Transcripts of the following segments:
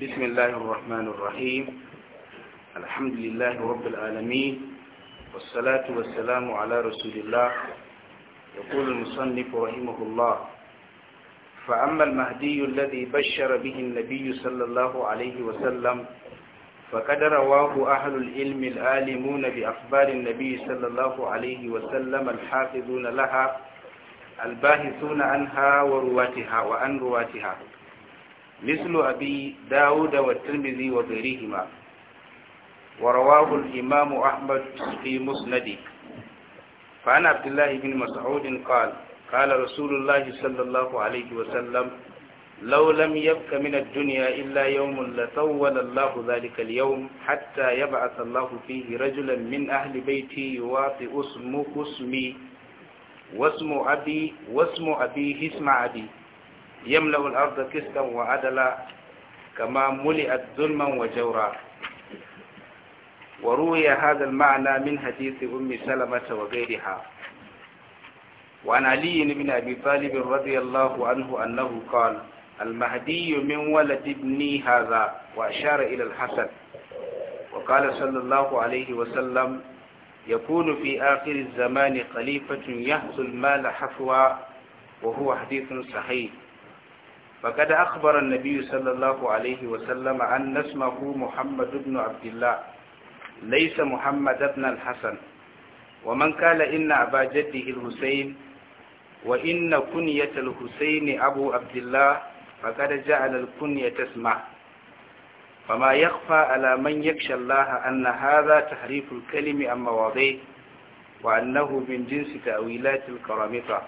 بسم الله الرحمن الرحيم الحمد لله رب العالمين والصلاة والسلام على رسول الله يقول المصنف رحمه الله فأما المهدي الذي بشر به النبي صلى الله عليه وسلم فقد رواه أهل العلم العالمون بأخبار النبي صلى الله عليه وسلم الحافظون لها الباحثون عنها ورواتها وعن رواتها mislu abi daud wa tirmidhi wa ghairihima wa imam ahmad fi musnadi fana ana bin ibn mas'ud qala qala rasulullah sallallahu alayhi wa sallam law lam min ad illa yawmun la tawwala Allah dhalika al hatta yab'ath Allah fihi rajulan min ahli bayti yuwafi usmu usmi wasmu abi wasmu abi hisma abi يملأ الأرض كستا وعدلا كما ملئت ظلما وجورا وروي هذا المعنى من حديث أم سلمة وغيرها وعن علي بن أبي طالب رضي الله عنه أنه قال المهدي من ولد ابني هذا وأشار إلى الحسن وقال صلى الله عليه وسلم يكون في آخر الزمان خليفة يحصل المال حفوا وهو حديث صحيح فقد أخبر النبي صلى الله عليه وسلم أن اسمه محمد بن عبد الله ليس محمد بن الحسن ومن قال إن أبا جده الحسين وإن كنية الحسين أبو عبد الله فقد جعل الكنية اسمه فما يخفى على من يخشى الله أن هذا تحريف الكلم عن مواضيه وأنه من جنس تأويلات الكرامطة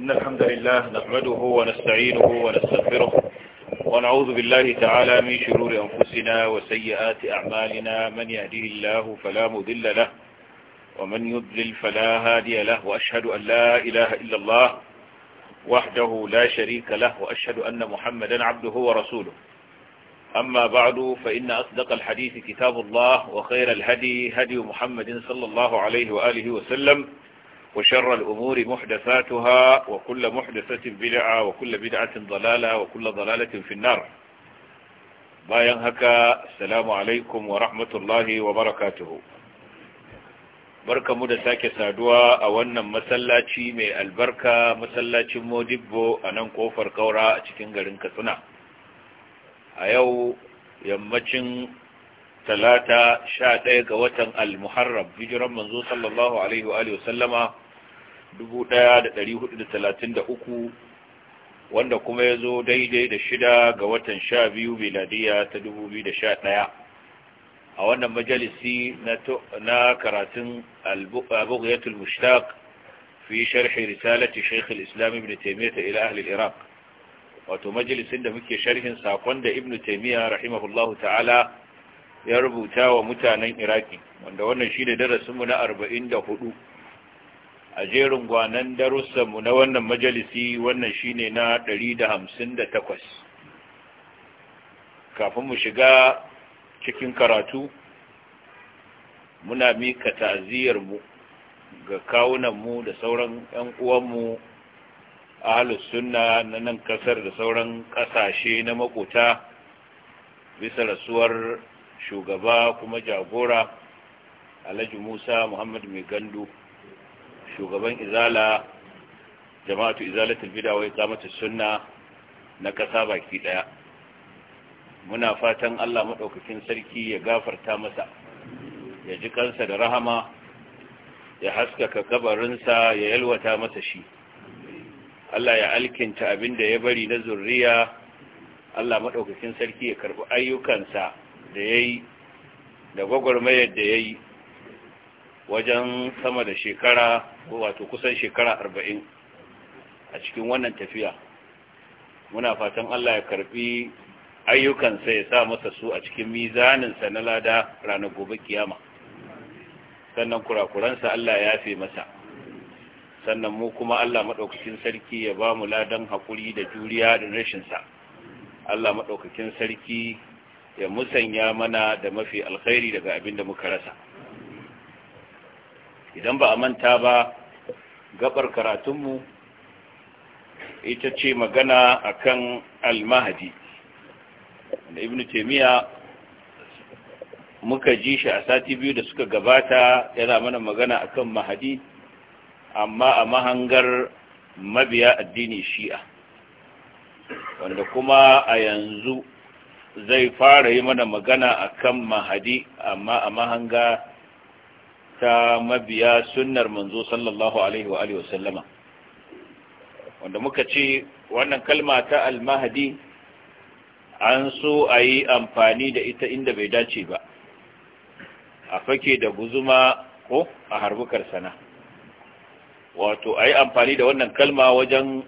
إن الحمد لله نحمده ونستعينه ونستغفره ونعوذ بالله تعالى من شرور أنفسنا وسيئات أعمالنا من يهده الله فلا مذل له ومن يضلل فلا هادي له وأشهد أن لا إله إلا الله وحده لا شريك له وأشهد أن محمدا عبده ورسوله أما بعد فإن أصدق الحديث كتاب الله وخير الهدي هدي محمد صلى الله عليه وآله وسلم وشر الأمور محدثاتها وكل محدثة بدعة وكل بدعة ضلالة وكل ضلالة في النار bayan haka salamu alaikum wa rahmatullahi wa barakatuhu barkamu da sake saduwa a wannan masallaci mai albarka masallacin modibbo a nan kofar kaura a cikin garin katsina a yau yammacin talata sha ɗaya ga watan al-muharram hijiran manzo sallallahu alaihi wa sallama 1433 wanda kuma ya zo daidai da shida ga watan sha miladiya ta 2011 a wannan majalisi na karatun abubuwatul mushtaq fi sharhi risalati shaikh al-islam ibn ta ila ahli iraq wato majalisin da muke sharhin sakon da ibn taimiyya rahimahullahu ta'ala ya rubuta wa mutanen iraki wanda wannan shi shine darasinmu na 44 a jerin gwanan darussanmu na wannan majalisi wannan shine na ɗari da da hamsin takwas kafin mu shiga cikin karatu muna mika ta'aziyarmu ga kawunanmu da sauran 'yan uwanmu a sunna na nan kasar da sauran ƙasashe na makota bisa rasuwar shugaba kuma jagora alhaji musa muhammadu mai gandu shugaban izala jama'atu izalatul bid'a wa iqamatus sunna na kasa baki daya muna fatan Allah madaukakin sarki ya gafarta masa ya ji kansa da rahama ya haskaka kabarinsa ya yalwata masa shi Allah ya alkinta abinda ya bari na zurriya Allah madaukakin sarki ya karbi ayyukansa da yayi da gwagwarmayar da yayi wajen sama da shekara wato kusan shekara arba'in a cikin wannan tafiya muna fatan Allah ya karbi ayyukansa ya sa masa su a cikin mizaninsa na lada ranar gobe kiyama sannan kurakuransa Allah ya fi masa sannan mu kuma Allah maɗaukakin sarki ya ba mu ladan haƙuri da juriya da rashinsa Allah maɗaukakin sarki ya musanya mana da mafi alkhairi daga abin da muka rasa idan ba a manta ba gabar karatunmu ita ce magana akan almahadi da ibn taimiyya muka ji shi a sati biyu da suka gabata yana mana magana akan mahadi amma a mahangar mabiya addini shi'a wanda kuma a yanzu zai fara yi mana magana akan mahadi amma a mahanga ta mabiya sunnar manzo sallallahu alaihi wa alihi wasallama wanda muka ce wannan kalma ta al-mahdi an so a yi amfani da ita inda bai dace ba a fake da guzuma ko a harbukar sana wato ayi amfani da wannan kalma wajen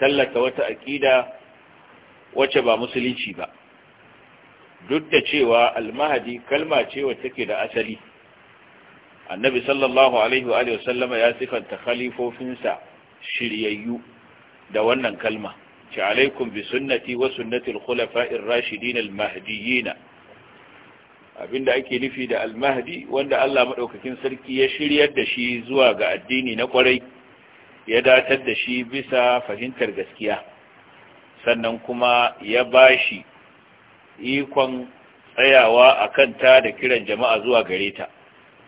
tallata wata aƙida wacce ba musulunci ba duk da cewa almahadi kalma ce wacce take da asali annabi sallallahu alaihi wa alihi wasallama ya sifanta khalifofinsa shiryayyu da wannan kalma ce alaikum bi sunnati wa sunnati al-khulafa'ir rashidin al-mahdiyyin abinda ake nufi da al-mahdi wanda Allah madaukakin sarki ya shiryar da shi zuwa ga addini na kwarai ya datar da shi bisa fahimtar gaskiya sannan kuma ya bashi ikon tsayawa akan ta da kiran jama'a zuwa gare ta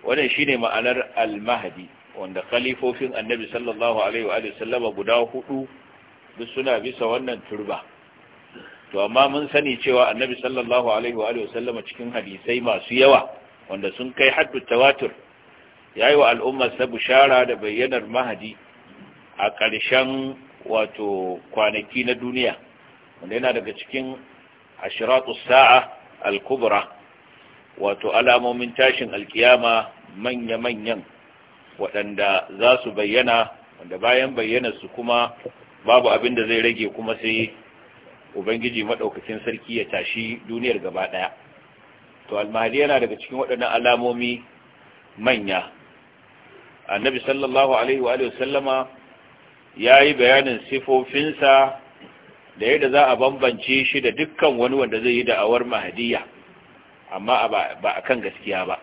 wannan shine ma'anar al-mahdi wanda khalifofin annabi sallallahu alaihi wa sallama guda hudu duk suna bisa wannan turba to amma mun sani cewa annabi sallallahu alaihi wa sallama cikin hadisai masu yawa wanda sun kai haddu tawatur yayi wa al'umma sa bushara da bayyanar mahdi a ƙarshen wato kwanaki na duniya wanda yana daga cikin ashiratus sa'a al-kubra wato alamomin tashin alkiyama manya-manyan waɗanda za su bayyana wanda bayan bayyana su kuma babu abin da zai rage kuma sai ubangiji maɗaukacin sarki ya tashi duniyar gaba ɗaya to almahali yana daga cikin waɗannan alamomi manya annabi sallallahu alaihi wa sallama ya yi bayanin sifofinsa da yadda za a bambance shi da dukkan wani wanda zai yi da'awar mahadiyya amma ba a kan gaskiya ba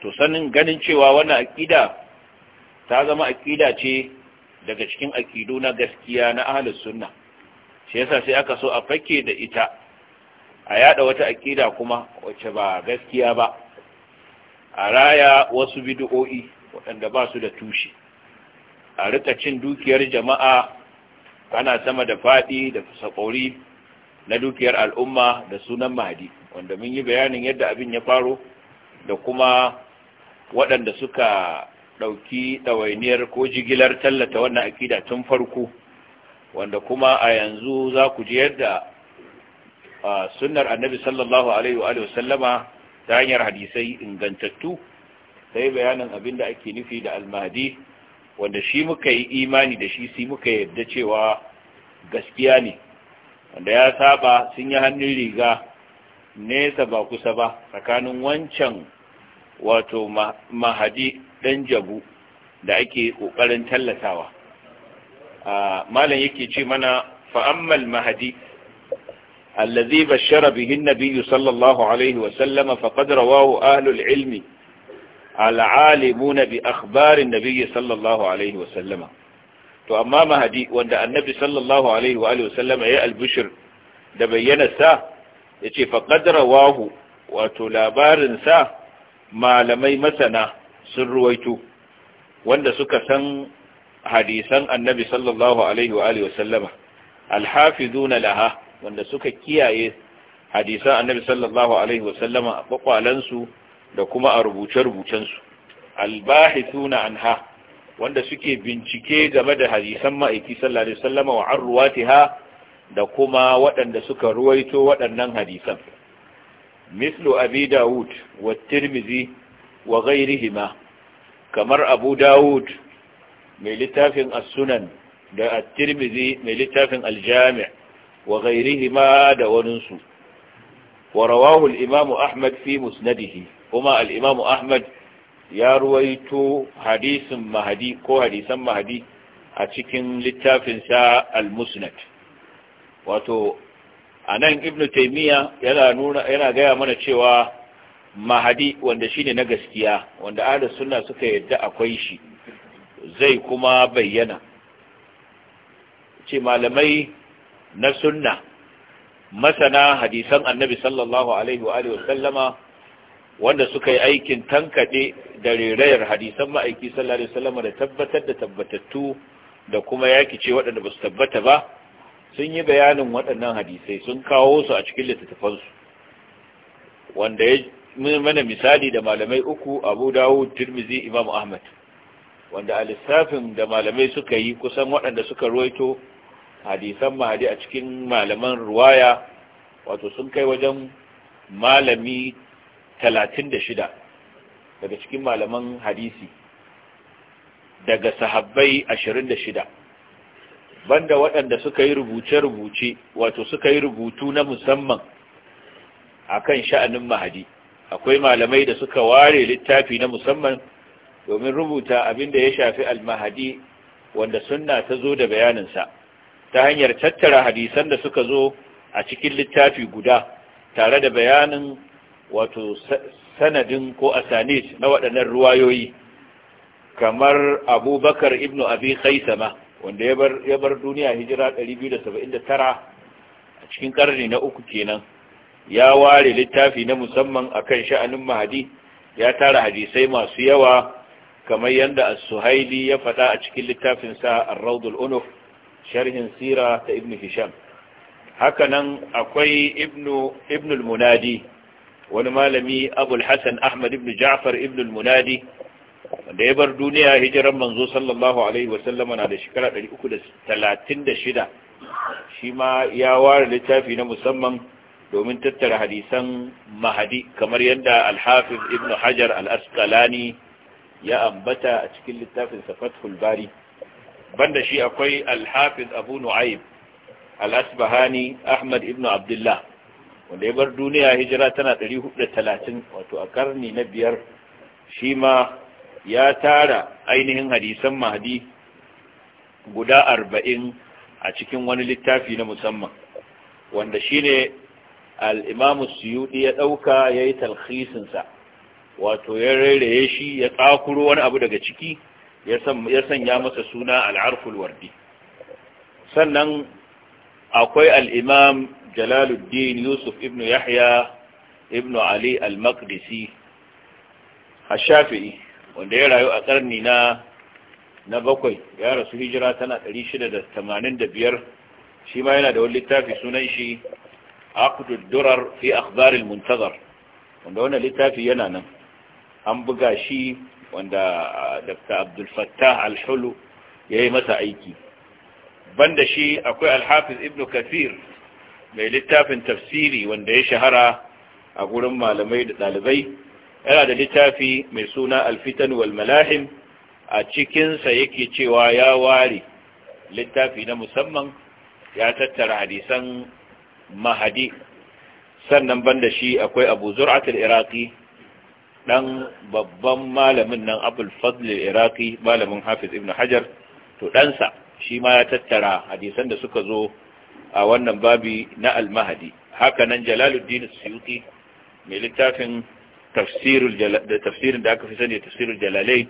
to sanin ganin cewa wannan aƙida ta zama aƙida ce daga cikin aƙidu na gaskiya na ahalus sunna shi yasa sai aka so a fake da ita a yada wata aƙida kuma wacce ba gaskiya ba a raya wasu bid'o'i waɗanda ba su da tushe a rika cin dukiyar jama'a kana sama da faɗi da fasakori na dukiyar al'umma da sunan mahadi wanda mun yi bayanin yadda abin ya faru, da kuma waɗanda suka ɗauki ɗawainiyar ko jigilar tallata wannan akida tun farko wanda kuma a yanzu za ku ji yadda sunnar annabi sallallahu alaihi wa sallama ta hanyar hadisai ingantattu ta yi bayanin abin da ake nufi da almahadi wanda shi muka yi imani da shi sai muka yarda cewa gaskiya ne wanda ya saba sun yi hannun riga nesa ba kusa ba tsakanin wancan wato mahadi ɗan jabu da ake ƙoƙarin tallatawa malam yake ce mana fa'ammal mahadi الذي bashara bihin Nabiyu sallallahu alaihi عليه وسلم فقد رواه أهل al'alimu العالمون بأخبار النبي صلى الله عليه وسلم to amma mahadi wanda annabi sallallahu alaihi wa wasallama ya albishir da bayyana sa ya ce faƙadara wahu wato labarinsa malamai masana sun ruwaito wanda suka san hadisan annabi sallallahu alaihi wa alihi wasallama alhafizuna laha wanda suka kiyaye hadisan annabi sallallahu alaihi wasallama a kwakwalansu da kuma a rubuce-rubucensu albahithuna anha wanda suke bincike game da hadisan ma'aiki sallallahu alaihi wasallama wa an da kuma waɗanda suka ruwaito waɗannan hadisan mislu abi dawud wa tirmizi wa ghairihima kamar abu dawud mai littafin as-sunan da at-tirmizi mai littafin al-jami' wa ghairihima da waninsu wa rawahu al-imam ahmad fi musnadihi kuma al-imam ahmad ya ruwaito hadisin mahdi ko hadisan mahadi a cikin littafinsa al-musnad wato anan ibnu taymiya yana yana gaya mana cewa mahadi wanda shi ne na gaskiya wanda ahlus suna suka yadda akwai shi zai kuma bayyana ce malamai na sunna masana hadisan annabi sallallahu alaihi wa alihi wasallama wanda suka yi aikin tankade da rerayar hadisan ma'aiki sallallahu alaihi wasallama da tabbatar da tabbatattu da kuma yaki ce waɗanda ba su tabbata ba sun yi bayanin waɗannan hadisai sun kawo su a cikin littattafansu wanda ya mana misali da malamai uku abu dawud turmizi imam ahmad wanda a lissafin da malamai suka yi kusan waɗanda suka ruwaito hadisan mahadi a cikin malaman ruwaya wato sun kai wajen malami talatin da shida daga cikin malaman hadisi daga sahabbai ashirin da shida banda waɗanda suka yi rubuce-rubuce wato suka yi rubutu na musamman a kan sha'anin mahadi akwai malamai da suka ware littafi na musamman domin rubuta abin da ya shafi almahadi wanda suna ta zo da bayaninsa ta hanyar tattara hadisan da suka zo a cikin littafi guda tare da bayanin wato sanadin ko asanis na waɗannan ruwayoyi kamar abubakar ibn abi khaisama wanda ya bar duniya hijira 279 a cikin karni na uku kenan ya ware littafi na musamman akan sha'anin mahadi ya tara hadisai masu yawa kamar yadda as-suhaili ya faɗa a cikin littafinsa ar-raudul unuf sharhin sira ta ibn hisham hakanan akwai ibnu ibn al-munadi wani malami abul hasan ahmad ibn ja'far ibn al-munadi wanda ya bar duniya hijiran manzo sallallahu alaihi wasallama na da shekara 336 shi ma ya ware littafi na musamman domin tattara hadisan mahadi kamar yadda alhafiz ibn hajar al-asqalani ya ambata a cikin littafinsa fathul bari banda shi akwai alhafiz abu nu'aib al-asbahani ahmad ibn abdullah wanda ya bar duniya hijira tana 430 wato a karni na biyar shi ma ya tara ainihin hadisan mahdi guda arba'in a cikin wani littafi na musamman wanda shine al'imamu suyudi ya ɗauka ya yi talhisinsa wato ya rairaye shi ya tsakuro wani abu daga ciki ya sanya masa suna al'arful wardi sannan akwai al'imam jalaluddin yusuf ibn yahya ibn ali al-maqdisi a shafi'i wanda ya rayu a karni na na bakwai ya rasu hijira tana 685 shi ma yana da wani littafi sunan shi aqdud durar fi akhbar muntazar wanda wannan littafi yana nan an buga shi wanda uh, Dr. Abdul Fattah al-Hulu yayi masa aiki banda shi akwai al-Hafiz Ibn Kathir mai littafin tafsiri wanda ya shahara a gurin malamai da dalibai yana da littafi mai suna alfitan malahim a cikinsa yake cewa ya ware littafi na musamman ya tattara hadisan mahadi sannan banda shi akwai abu zur'atul iraki dan babban malamin nan abul fadl malamin hafiz ibn hajar to ɗansa shi ma ya tattara hadisan da suka zo a wannan babi na al hakanan haka nan jalaluddin suyuti mai littafin tafsirin da aka fi sani tafsirin jalalai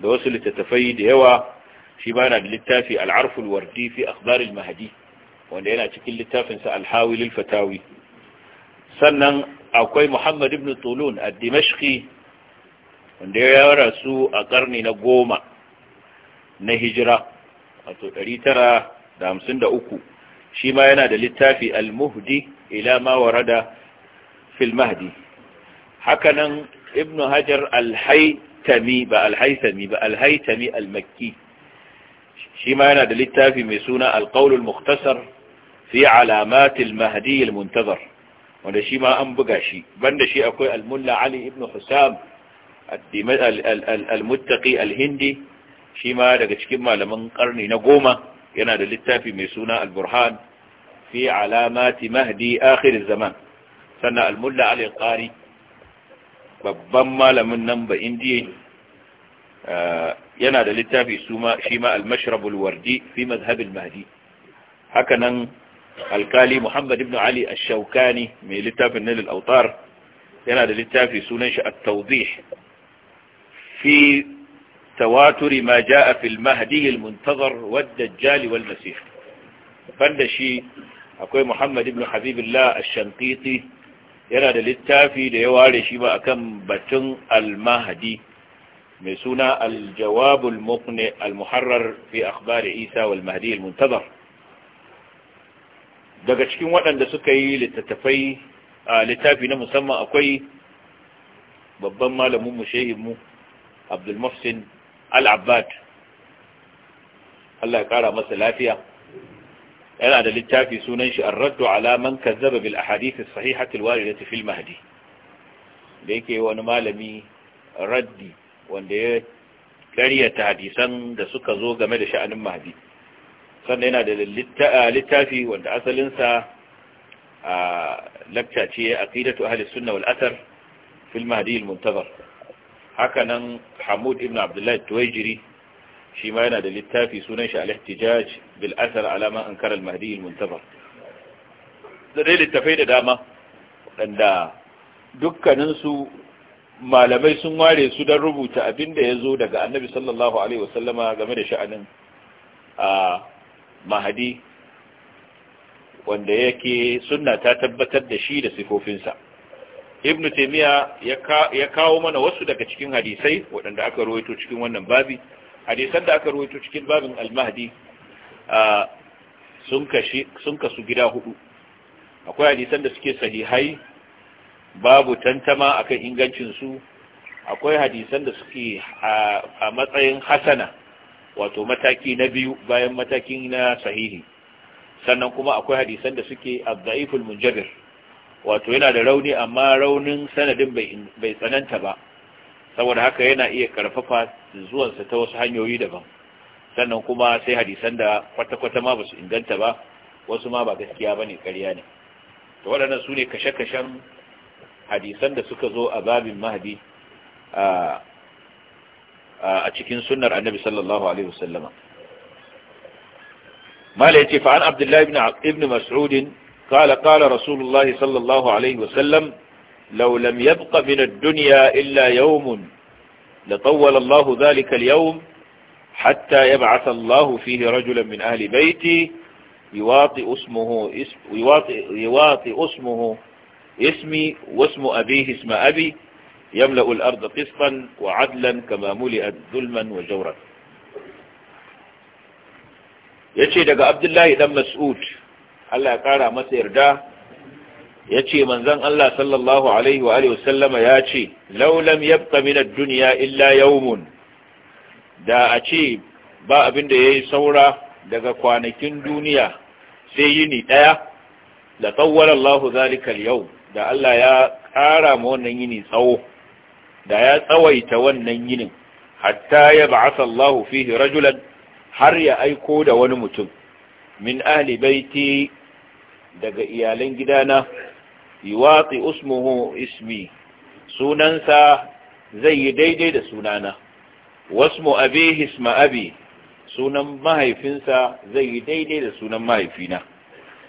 da wasu littattafai da yawa shi ba na da littafi al'arful wardi fi akhbaril mahdi wanda yana cikin littafinsa alhawi lilfatawi sannan akwai muhammad ibn tulun a dimashqi wanda ya rasu a karni na goma na hijira wato 953 shi ma yana da littafi al-muhdi ila ma warada fil mahdi nan ibn hajar alhaitami ba alhaitami ba alhaitami almakki shi ma yana da littafi mai suna alƙaulul muktasar fi alamatil mahdi almuntazar wanda shi ma an buga shi banda shi akwai almulla ali ibn husam almuttaqi alhindi shi ma daga cikin malaman karni na goma yana da littafi mai suna alburhan fi alamati mahdi akhir zaman sannan almulla ali qari babban malamin nan ba indiya yana da littafi shi ma al-mashrabul wardi fi mazhabil mahdi haka nan alkali muhammad ibn ali ash-shawkani mai littafin nan al-awtar yana da littafi sunan shi at-tawdih fi tawaturi ma jaa fi al-mahdi al-muntazar wad-dajjal wal-masih banda shi akwai muhammad ibn habibullah ash-shanqiti yana da littafi da ya ware shi ba kan batun al mahadi mai suna al-jawab al al-muharrar fi akhbar Isa wal mahdi al-muntazar daga cikin waɗanda suka yi littattafai a littafi na musamman akwai babban malamin mu shehinmu Abdul Muhsin Al-Abbad Allah ya kara masa lafiya yana da littafi sunan shi ar alaman ala man kazzaba bil ahadith as waridati fil mahdi da yake wani malami raddi wanda ya karyata hadisan da suka zo game da sha'anin mahdi sannan yana da littafi wanda asalinsa a lakta ce aqidatu ahli sunna wal athar fil mahdi al-muntazar haka nan Hamud ibn Abdullah Tuwaijiri shi ma yana da littafi sunan shi al-ihtijaj bil athar ala ma ankara al-mahdi al-muntazar da dai littafai da dama wadanda dukkanin su malamai sun ware su don rubuta abin da ya zo daga annabi sallallahu alaihi wasallama game da sha'anin a mahadi wanda yake sunna ta tabbatar da shi da sifofinsa ibn taymiya ya kawo mana wasu daga cikin hadisai waɗanda aka rawaito cikin wannan babi hadisan da aka ruwaito cikin babin al-mahdi sun kashi sun kasu gida hudu akwai hadisan da suke sahihai babu tantama akan ingancin su akwai hadisan da suke a matsayin hasana wato mataki na biyu bayan mataki na sahihi sannan kuma akwai hadisan da suke addaiful munjabir wato yana da rauni amma raunin sanadin bai tsananta ba saboda haka yana iya karfafa zuwansa ta wasu hanyoyi daban sannan kuma sai hadisan da kwata-kwata ma ba su inganta ba wasu ma ba gaskiya ba ne karya ne to waɗannan su ne kashe-kashen hadisan da suka zo a babin mahadi a cikin sunnar annabi sallallahu alaihi wasallama mala fa an abdullahi ibn Mas'udin kala kala رسول sallallahu صلى الله عليه وسلم لو لم يبق من لطول الله ذلك اليوم حتى يبعث الله فيه رجلا من أهل بيتي يواطئ اسمه اسم يواطئ, يواطئ اسمه اسمي واسم أبيه اسم أبي يملأ الأرض قسطا وعدلا كما ملئت ظلما وجورا yace عبد الله dan Mas'ud Allah ya kara masa yarda ya ce manzan Allah sallallahu Alaihi wa wasallama ya ce laulam yabka minar duniya illa yawmun da a ce ba abin da ya yi saura daga kwanakin duniya sai yini ɗaya da tsawon Allah zalikal yau da Allah ya ƙara ma wannan yini tsawo da ya tsawaita wannan yinin hatta ya ba'asa Allah fihi rajulan har ya aiko da wani mutum min ahli baiti daga iyalan gidana yuwati usmuhu ismi sunansa zai yi daidai da sunana wasmu abihi isma abi sunan mahaifinsa zai yi daidai da sunan mahaifina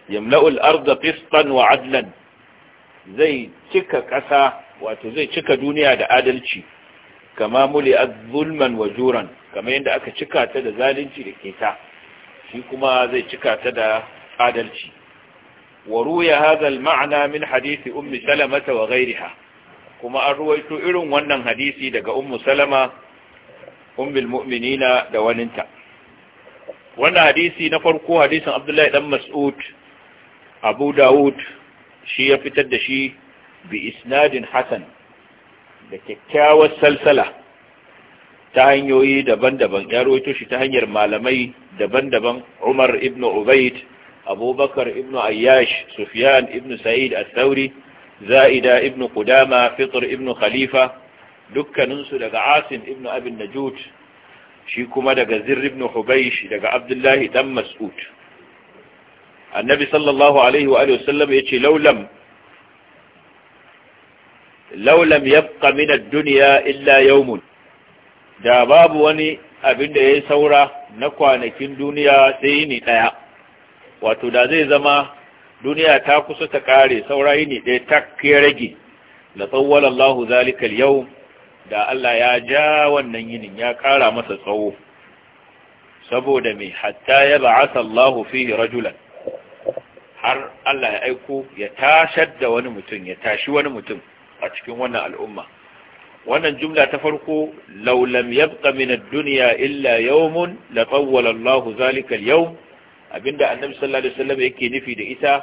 yamla'ul arda qistan wa adlan zai cika ƙasa wato zai cika duniya da adalci kama muli zulman wa juran kamar yadda aka cika ta da zalunci da keta shi kuma zai cika ta da adalci وروي هذا المعنى من حديث أم سلمة وغيرها كما أرويت إرن ونن حديثي دق أم سلمة أم المؤمنين دواننتا ونن حديثي نفرقو حديث عبد الله بن مسعود أبو داود شي يفتد شي بإسناد حسن لككاوى السلسلة ta hanyoyi daban-daban ya rawaito shi ta hanyar malamai daban-daban Umar ibn Ubaid abubakar ibn ayyash sufyan ibn sa'id al-thawri za'ida ibn qudama fitr ibn khalifa dukkaninsu daga asin ibn abin najud shi kuma daga zirr ibn hubaysh daga abdullahi dan mas'ud annabi sallallahu alaihi wa alihi wasallam yace laulam laulam yabqa min ad-dunya illa yawmun da babu wani abin da yayi saura na kwanakin duniya sai ni daya wato da zai zama duniya ta kusa ta kare saurayi ne ɗaya ta ya rage la zalikal yau, da Allah ya ja wannan yinin ya kara masa tsawo saboda mai hatta ya ba'asa Allahu fihi rajulan har Allah ya aiko ya tashar da wani mutum ya tashi wani mutum a cikin wannan al'umma wannan jumla ta farko laulam lam yabqa min ad-dunya illa yawmun la tawwala Allahu zalika al-yawm abinda annabi sallallahu alaihi wasallam yake nufi da ita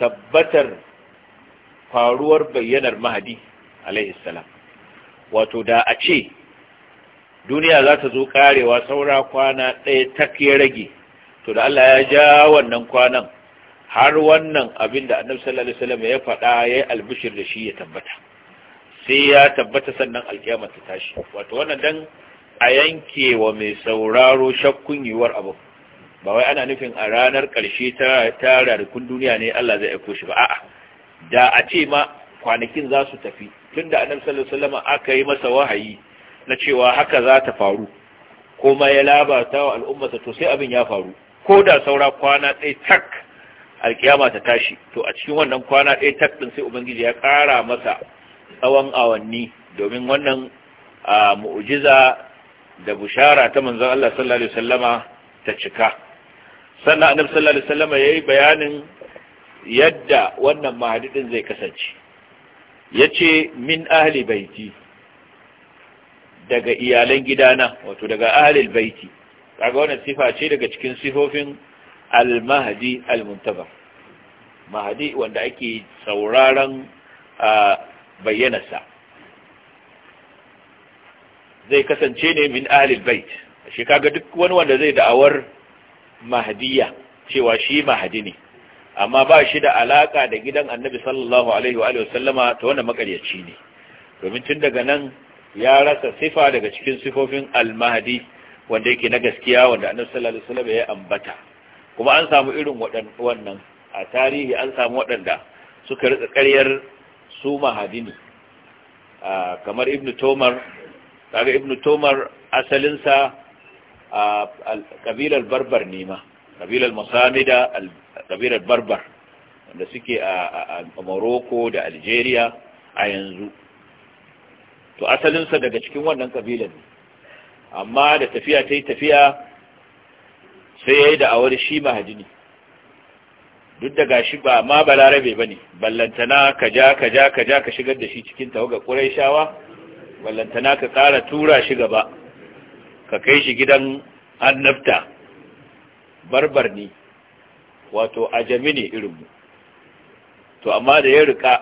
tabbatar faruwar bayyanar mahadi alaihi salam wato da a ce duniya za ta zo karewa saura kwana ɗaya ta ke rage to da Allah ya ja wannan kwanan har wannan abin da annabi sallallahu alaihi wasallam ya faɗa ya yi albishir da shi ya tabbata sai ya tabbata sannan alkiyama ta tashi wato wannan dan a yanke wa mai sauraro shakkun yiwuwar abu ba wai ana nufin a ranar ƙarshe ta tara da kun duniya ne Allah zai aiko shi ba a'a da a ce ma kwanakin za su tafi tunda annabi sallallahu alaihi wasallam aka yi masa wahayi na cewa haka za ta faru kuma ya labata wa al'ummata to sai abin ya faru ko da saura kwana ɗaya tak alkiyama ta tashi to a cikin wannan kwana ɗaya tak ɗin sai ubangiji ya ƙara masa tsawon awanni domin wannan mu'ujiza da bushara ta manzon Allah sallallahu alaihi wasallama ta cika sannan annabi sallallahu alaihi wasallam yayi bayanin yadda wannan mahadi zai kasance yace min ahli baiti daga iyalan gidana wato daga ahli baiti kaga wannan sifa ce daga cikin sifofin al-mahdi al mahadi wanda ake sauraron bayyanarsa zai kasance ne min ahli baiti shi kaga duk wani wanda zai da'awar mahdiya cewa shi mahdi ne amma ba shi da alaka da gidan annabi sallallahu alaihi wa sallama ta wanda makaryaci ne domin tun daga nan ya rasa sifa daga cikin sifofin al-mahdi wanda yake na gaskiya wanda annabi sallallahu alaihi wa sallama ya ambata kuma an samu irin wannan a tarihi an samu waɗanda suka rika ƙaryar su mahadi ne kamar ibnu tomar kaga ibnu tomar asalinsa kabilar barbar ne ma kabilar musamida kabilar barbar wanda suke a morocco da algeria a yanzu to asalinsa daga cikin wannan kabilar ne amma da tafiya ta yi tafiya sai ya yi awar shi mahajini duk da gashi ba ma balarabe ba ne ballantana ka ja ka ja ka ja ka shigar da shi cikin tawaga ƙurai shawa ballantana ka ƙara tura shi gaba ka kai shi gidan annabta barbar ne wato ajami ne irinmu to amma da ya rika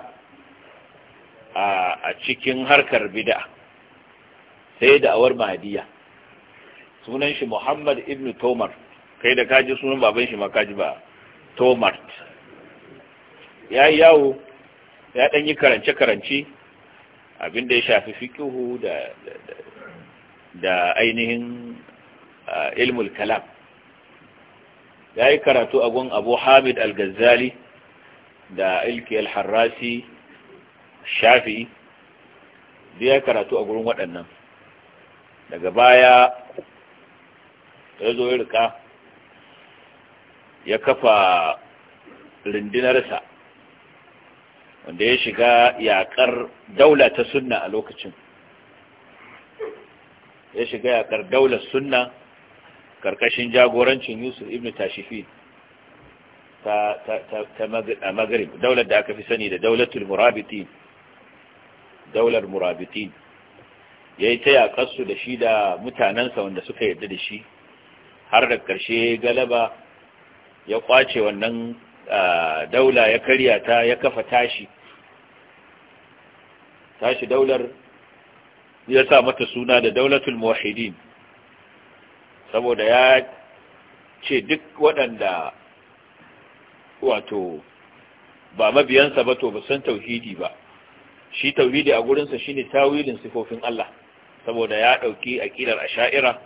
a cikin harkar bida sai da awar mahadiya sunan shi muhammad ibn tomar kai da kaji sunan baban shi ma ba Tomar. ya yi yawo ya ɗan yi karance-karance abinda ya shafi fikihu da da ainihin ilmul kalam ya yi karatu a gun abu hamid al-ghazali da ilki al-harrasi shafi'i da ya karatu a gurin waɗannan daga baya ya zo ya rika ya kafa rindinarsa wanda ya shiga yaƙar daula ta sunna a lokacin ya shiga yakar daular sunna karkashin jagorancin yusuf ibn tashifi ta maghrib daular da aka fi sani da daulatul murabiti daular murabiti ya yi ta yakarsu da shi da mutanensa wanda suka yarda da shi har da karshe galaba ya kwace wannan daula ya karya ta ya kafa tashi tashi daular ya sa mata suna da daulatul muwahidin saboda ya ce duk waɗanda wato ba mabiyansa ba to ba san tauhidi ba shi tauhidi a gurinsa shine tawilin sifofin Allah saboda ya ɗauki a sha'ira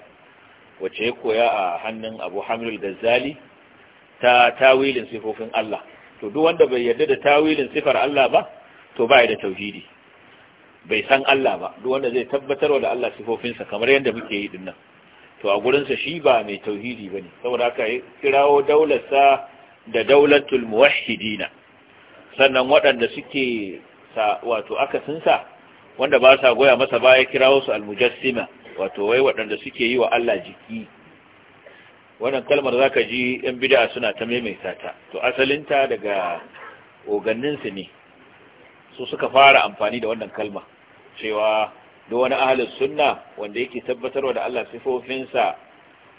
wacce ya koya a hannun abu hamilul gazali ta tawilin sifofin Allah to duk wanda bai yarda da tawilin sifar Allah ba to ba da tauhidi bai san Allah ba duk wanda zai tabbatar da Allah sifofinsa kamar yadda muke yi dinnan to a gurinsa shi ba mai tauhidi bane saboda haka kirawo daularsa da daulatul muwahhidina sannan waɗanda suke wato akasinsa wanda ba sa goya masa baya kirawo su almujassima wato wai waɗanda suke yi wa Allah jiki wannan kalmar zaka ji yan bid'a suna ta maimaita ta to asalinta daga oganninsu ne su suka fara amfani da wannan kalma cewa duk wani ahalin sunna wanda yake tabbatarwa da Allah sifofinsa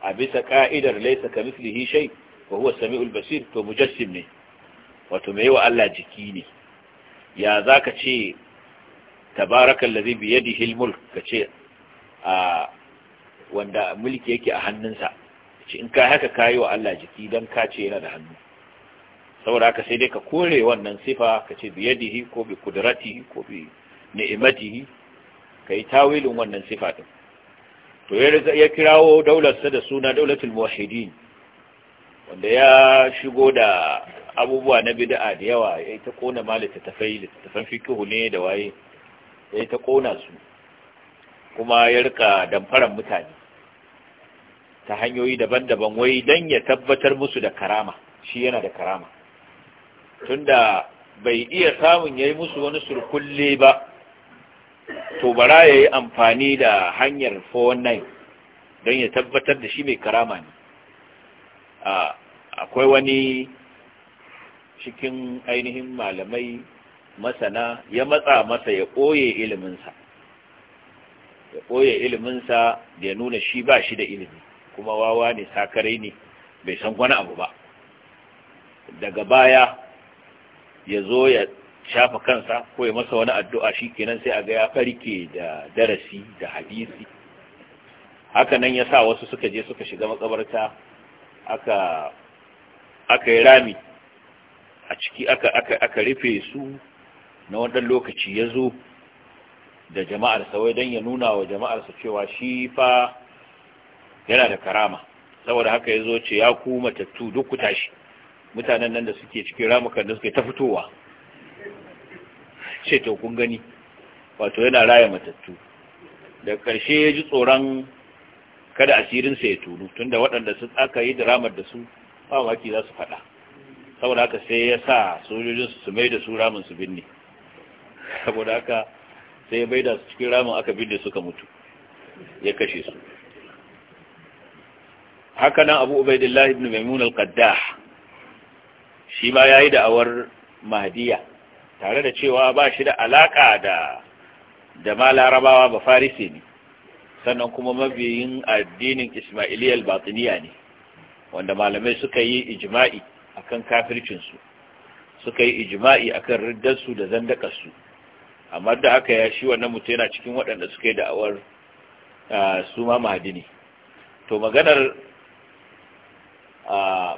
a bisa ka'idar laisa ka mislihi shay wa huwa samiul basir to mujassim ne wato mai wa Allah jiki ne ya zaka ce tabarakal ladhi bi yadihi al-mulk kace a wanda mulki yake a hannunsa ce in ka haka kayi wa Allah jiki dan ka ce yana da hannu saboda haka sai dai ka kore wannan sifa kace bi yadihi ko bi qudratihi ko bi ni'imatihi kai tawilin wannan sifa din to ya kirawo daularsa da suna daulatul muwahhidin wanda ya shigo da abubuwa na bid'a da yawa yayin ta kona ma littattafai fi fikihu ne da waye yayin ta kona su kuma ya rika damfaran mutane ta hanyoyi daban-daban wai dan ya tabbatar musu da karama shi yana da karama tunda bai iya samun yayi musu wani surkulle ba to bara ya yi amfani da hanyar 419 don ya tabbatar da shi mai karama ne akwai wani cikin ainihin malamai masana ya matsa masa ya ɓoye iliminsa ya ƙoye iliminsa da ya nuna shi ba shi da ilimi kuma wawa ne sakarai ne bai san wani abu ba daga baya ya zo ya shafa kansa ko ya masa wani addu'a shi kenan sai a ga ya farke da darasi da hadisi hakanan ya sa wasu suka je suka shiga makabarta aka yi rami a ciki aka rufe su na wannan lokaci ya zo da jama'ar sa wai don ya nuna wa jama'arsa cewa shi fa yana da karama saboda haka ya zo ce ya ku matattu duk ku tashi mutanen nan da suke cikin ramukan da suke ta fitowa ce to kun gani wato yana raya matattu da karshe ya ji tsoron kada asirinsa ya tunu tunda waɗanda sun aka yi diramar da su ba waki za su faɗa saboda haka sai ya sa sojojin su mai da su ramin su binne saboda haka sai ya bai da su cikin ramin aka binne suka mutu ya kashe su haka nan abu ubaidullahi ibn maimun al-qaddah shi ma yayi da'awar mahdiya tare da cewa ba shi da alaƙa da da ma larabawa ba farisi ne sannan kuma mabiyin addinin ismailiyal batiniya ne wanda malamai suka yi ijima'i akan kafircinsu suka yi ijima'i akan riddarsu da zandakarsu amma da aka ya shi wannan mutum yana cikin waɗanda suka yi da'awar su ma mahadini to maganar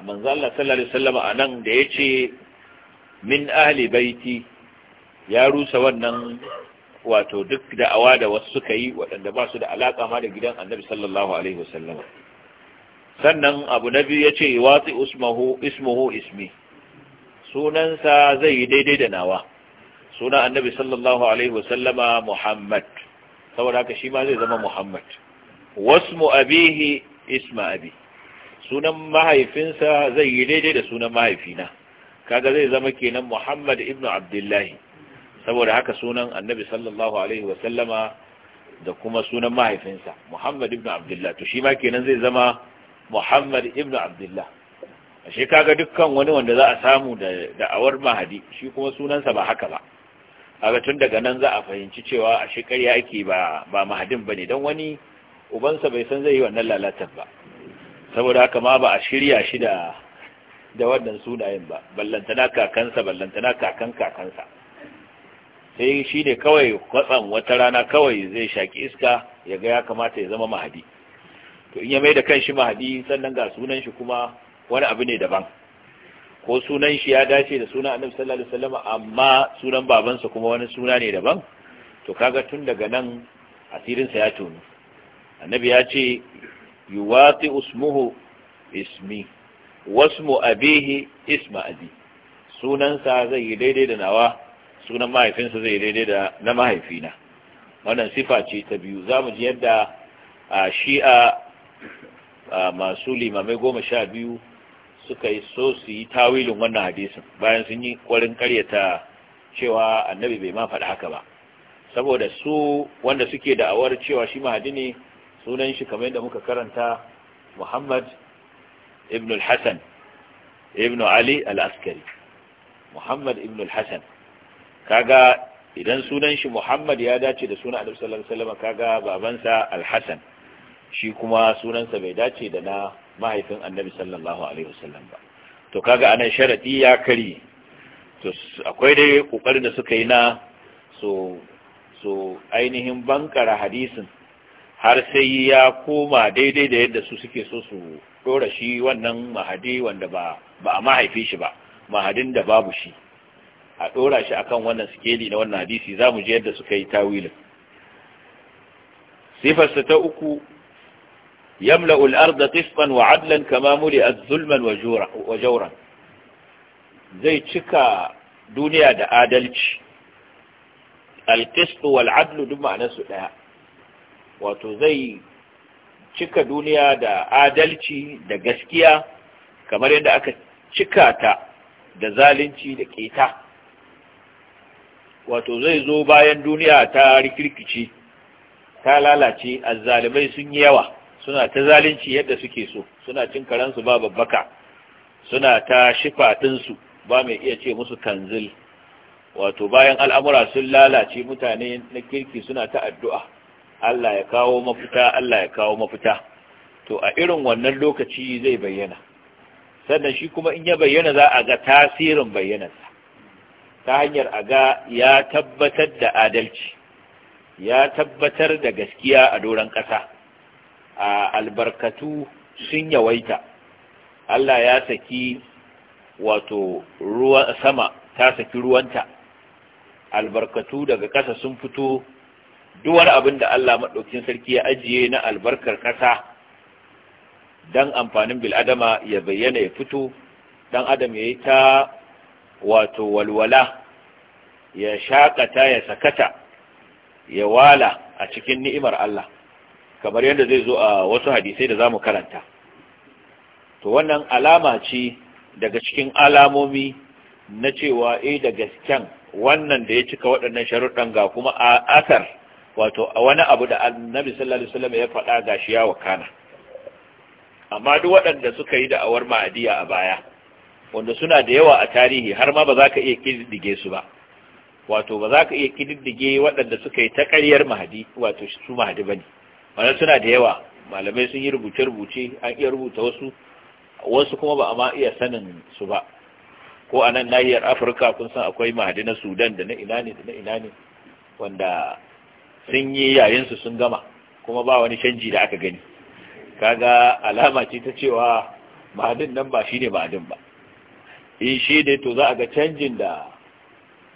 manzo Allah sallallahu alaihi wasallam anan da yace min ahli baiti ya rusa wannan wato duk da'awa da wasu suka yi waɗanda ba su da alaƙa ma da gidan annabi sallallahu alaihi wasallama sannan abu na biyu ya ce watsi usmahu ismuhu ismi sunansa zai yi daidai da nawa sunan annabi sallallahu alaihi wasallama muhammad saboda haka shi ma zai zama muhammad wasmu abihi isma abi sunan mahaifinsa zai yi daidai da sunan mahaifina kaga zai zama kenan Muhammad ibn Abdullahi saboda haka sunan Annabi sallallahu alaihi wa sallama da kuma sunan mahaifinsa Muhammad ibn Abdullah to shi ma kenan zai zama Muhammad ibn Abdullah ashe kaga dukkan wani wanda za a samu da da'awar mahadi shi kuma sunansa ba haka ba kaga tun daga nan za a fahimci cewa ashe ƙarya ake ba ba mahadin bane dan wani ubansa bai san zai yi wannan lalatar ba saboda haka ma ba a shirya shi da da wannan sunayen ba ballantana kakansa ballantana kakan kakansa sai shi ne kawai kwatsan wata rana kawai zai shaki iska ya ga ya kamata ya zama mahadi to in ya mai da kanshi mahadi sannan ga sunan shi kuma wani abu ne daban ko sunan shi ya dace da sunan annabi sallallahu alaihi wasallam amma sunan babansa kuma wani suna ne daban to kaga tun daga nan asirinsa ya tono. annabi ya ce yuwati usmuhu ismi wasmu abihi isma abi sunansa zai yi daidai da nawa sunan mahaifinsa zai yi daidai da na mahaifina wannan sifa ce ta biyu za mu ji yadda a shi'a masu limamai goma sha biyu suka yi so su yi tawilin wannan hadisin bayan sun yi kwarin karyata cewa annabi bai ma faɗi haka ba saboda su wanda suke da'awar cewa shi mahadi ne sunan shi kamar yadda muka karanta muhammad ibn al-hasan ibn ali al-askari muhammad ibn al idan sunan shi muhammad ya dace da sunan annabi sallallahu alaihi wasallam kaga babansa al-hasan shi kuma sunansa bai dace da na mahaifin annabi sallallahu alaihi wasallam ba to kaga anan sharadi ya kari to akwai dai kokarin da suka yi na so so ainihin bankara hadisin har sai ya koma daidai da yadda su suke so su dora shi wannan mahadi wanda ba a mahaifi shi ba mahadin da babu shi a dora shi akan wannan skeli na wannan hadisi za mu je yadda suka yi tawilin sifarsa ta uku يملأ الأرض wa وعدلا كما ملئت zai cika duniya da adalci دا آدلتش wal والعدل duk معنى daya wato zai cika duniya da adalci da gaskiya kamar yadda aka cika ta da zalunci da keta wato zai zo bayan duniya ta rikirkici ta lalace azzalimai sun yi yawa suna ta zalunci yadda suke so suna cin karansu ba babbaka suna ta shifa ɗinsu ba mai iya ce musu kanzil wato bayan al'amura sun lalace mutane na kirki suna ta addu'a Allah ya kawo mafita Allah ya kawo mafita to a irin wannan lokaci zai bayyana sannan shi kuma in ya bayyana za a ga tasirin bayyanarsa ta hanyar a ga ya tabbatar da adalci ya tabbatar da gaskiya a doron ƙasa a albarkatu sun yawaita Allah ya saki wato ruwa sama ta saki ruwanta albarkatu daga ƙasa sun fito duk wani abin da Allah maɗaukin sarki ya ajiye na albarkar ƙasa don amfanin bil'adama ya bayyana ya fito ɗan adam ya yi ta wato walwala ya shaƙata ya sakata ya wala a cikin ni'imar Allah kamar yadda zai zo a wasu hadisai da zamu karanta to wannan alama ce daga cikin alamomi na cewa eh da gasken wannan da ya cika waɗannan sharuɗan ga kuma a asar wato a wani abu da annabi sallallahu alaihi wasallam ya faɗa gashi ya wakana amma duk waɗanda suka yi da'awar ma'adiya a baya wanda suna da yawa a tarihi har ma ba za ka iya kididdige su ba wato ba za ka iya kididdige waɗanda suka yi ta ƙaryar mahadi wato su mahadi bane wannan suna da yawa malamai sun yi rubuce-rubuce an iya rubuta wasu wasu kuma ba a ma iya sanin su ba ko a nan nahiyar afirka kun san akwai mahadi na sudan da na ina ne da na ina ne wanda sun yi yayinsu sun gama kuma ba wani canji da aka gani kaga alama ce ta cewa ma'adin nan ba shi ne ma'adin ba in shi ne to za a ga canjin da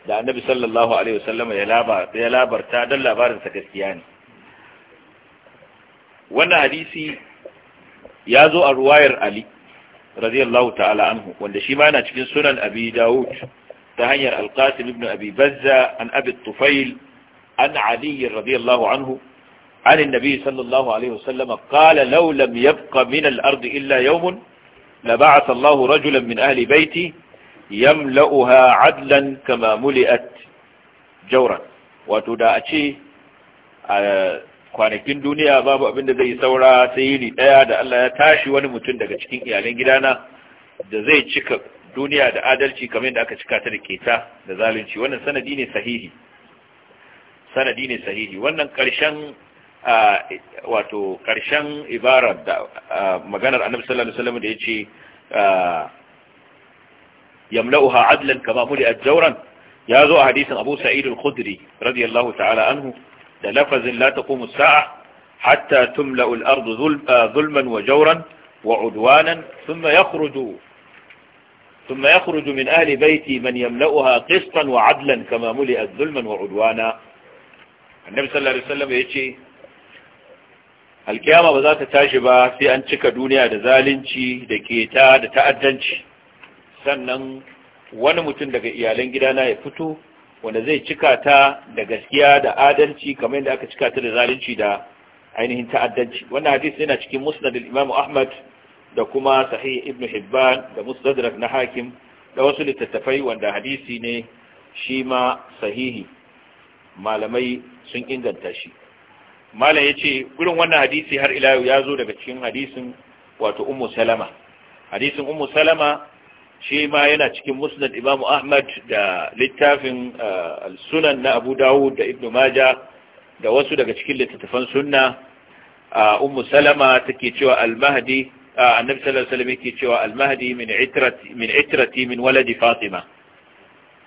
da annabi sallallahu alaihi wasallam ya labarta ya labarta dan labarin sa gaskiya ne wannan hadisi ya zo a ruwayar ali radiyallahu ta'ala anhu wanda shi ma yana cikin sunan abi dawud ta hanyar alqasim ibn abi bazza an abi tufail عن علي رضي الله عنه عن النبي صلى الله عليه وسلم قال لو لم يبق من الأرض إلا يوم لبعث الله رجلا من أهل بيتي يملأها عدلا كما ملئت جورا وتدا أشي kwanakin duniya babu abin da zai saura sai yini daya da Allah ya tashi wani mutum daga cikin iyalan gidana da zai cika duniya da adalci kamar yadda aka cika ta da keta da zalunci wannan sanadi ne sahihi sanadi ne sahihi wannan karshen wato karshen ibarar da maganar annabi sallallahu alaihi wasallam da yace yamla'uha adlan kama muli'at jawran ya zo a hadisin Abu Sa'id al-Khudri radiyallahu ta'ala anhu da lafazin la taqumu as-sa'a hatta tumla'u al-ardu zulman wa jawran wa udwanan thumma yakhruju ثم يخرج من أهل بيتي من يملأها قسطا وعدلا كما ملئت ظلما وعدوانا annabi sallallahu alaihi wasallam ya ce alkiyama ba za ta tashi ba sai an cika duniya da zalunci da keta da ta'addanci sannan wani mutum daga iyalan gidana ya fito wanda zai cika ta da gaskiya da adalci kamar yadda aka cika ta da zalunci da ainihin ta'addanci wannan hadisi yana cikin musnad al-imam ahmad da kuma sahih ibn hibban da mustadrak na hakim da wasu littattafai wanda hadisi ne shi ma sahihi malamai sun inganta shi malam ya ce, gurin wannan hadisi har ila ya zo daga cikin hadisin wato ummu salama hadisin ummu salama shi ma yana cikin musnad imam ahmad da littafin uh, sunan na abu dawud da ibnu maja da wasu daga cikin littattafan sunna uh, ummu salama take cewa al-mahdi uh, annabi sallallahu alaihi wasallam cewa al-mahdi min itrati min itrati min waladi fatima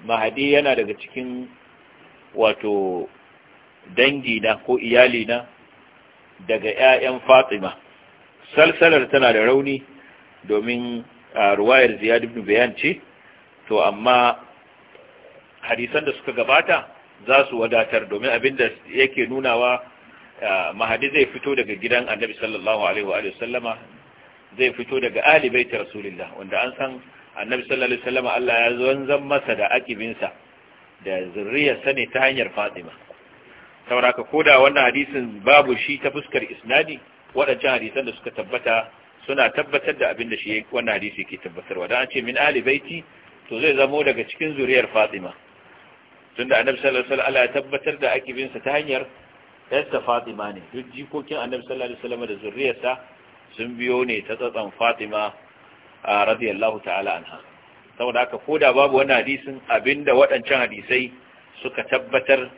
mahdi yana daga cikin wato dangina ko iyalina daga 'ya'yan fatima salsalar tana da rauni domin ruwayar ziyad ibn bayan ce to amma hadisan da suka gabata za su wadatar domin abinda yake nunawa mahadi zai fito daga gidan annabi sallallahu alaihi wa sallama zai fito daga ali baiti rasulillah wanda an san annabi sallallahu alaihi wa sallama Allah ya zanzan masa da akibinsa da zurriyarsa ne ta hanyar fatima saboda ka koda wannan hadisin babu shi ta fuskar isnadi waɗancan hadisan da suka tabbata suna tabbatar da abin da shi wannan hadisi ke tabbatarwa dan an ce min ali baiti to zai zamo daga cikin zuriyar fatima tunda annabi sallallahu alaihi wasallam ya tabbatar da akibin sa ta hanyar yarsa fatima ne duk jikokin annabi sallallahu alaihi wasallam da zuriyarsa sun biyo ne ta tsatsan fatima radiyallahu ta'ala anha saboda haka koda babu wannan hadisin abinda waɗancan hadisai suka tabbatar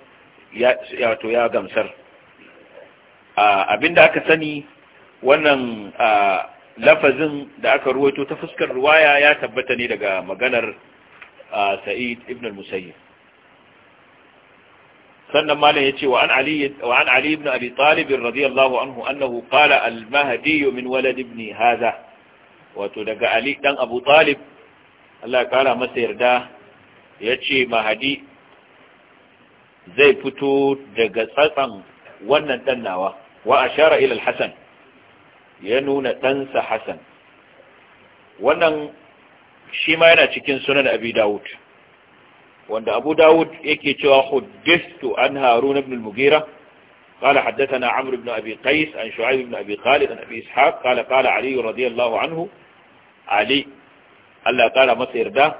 ya to ya gamsar abinda aka sani wannan lafazin da aka ruwaito ta fuskar ruwaya ya tabbata ne daga maganar sa'id ibn al-musayyib sannan malam yace wa an ali wa an ali ibn abi radiyallahu anhu annahu qala al-mahdi min walad ibn hadha wato daga ali dan abu talib Allah ya kara masa yarda yace mahdi zai fito daga tsatsan wannan ɗan nawa wa ashara ila al-hasan ya nuna ɗansa hassan wannan shi ma yana cikin sunan abu dawud wanda abu dawud yake cewa huddistu an harun ibn al haddasa قال حدثنا عمرو بن أبي قيس عن شعيب بن أبي خالد عن أبي إسحاق قال قال علي رضي الله عنه علي الله قال مصير ده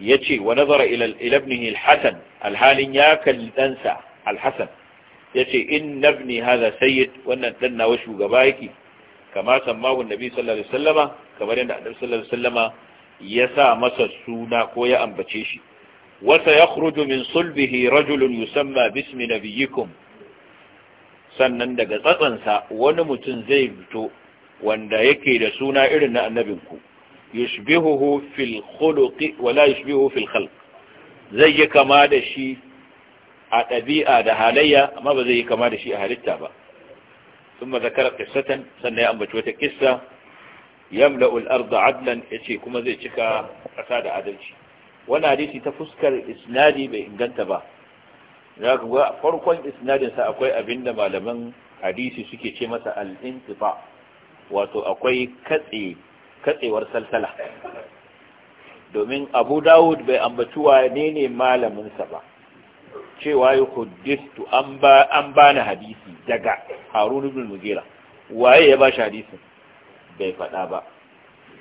ya ce wa nazara ilabnihi alhassan alhalin ya kalli ɗansa alhassan ya ce in nabni haza sayyid wannan ɗan nawa shugaba yake kama sammahun nabi sallallahu alaihi wasallama kamar yadda annabi sallallahu alaihi wasallama ya sa masa suna ko ya ambace shi wa sayakhruju min sulbihi rajulun yusamma bismi nabiyikum sannan daga tsatsansa wani mutum zai fito wanda yake da suna irin na annabinku yushbihuhu fil wala yushbihuhu fil zai yi kama da shi a ɗabi'a da halayya amma ba zai yi kama da shi a halitta ba sun ma zakarar kisatan sannan ya ambaci wata kissa yamla ul'arda adlan ya ce kuma zai cika ƙasa da adalci wani hadisi ta fuskar isnadi bai inganta ba za ka ga farkon isnadinsa akwai abin da malaman hadisi suke ce masa al'intifa wato akwai katse katsewar salsala domin abu dawud bai ambaci wane ne malaminsa ba cewa yi hudistu an ba na hadisi daga harun ibn waye ya ba shi hadisin bai faɗa ba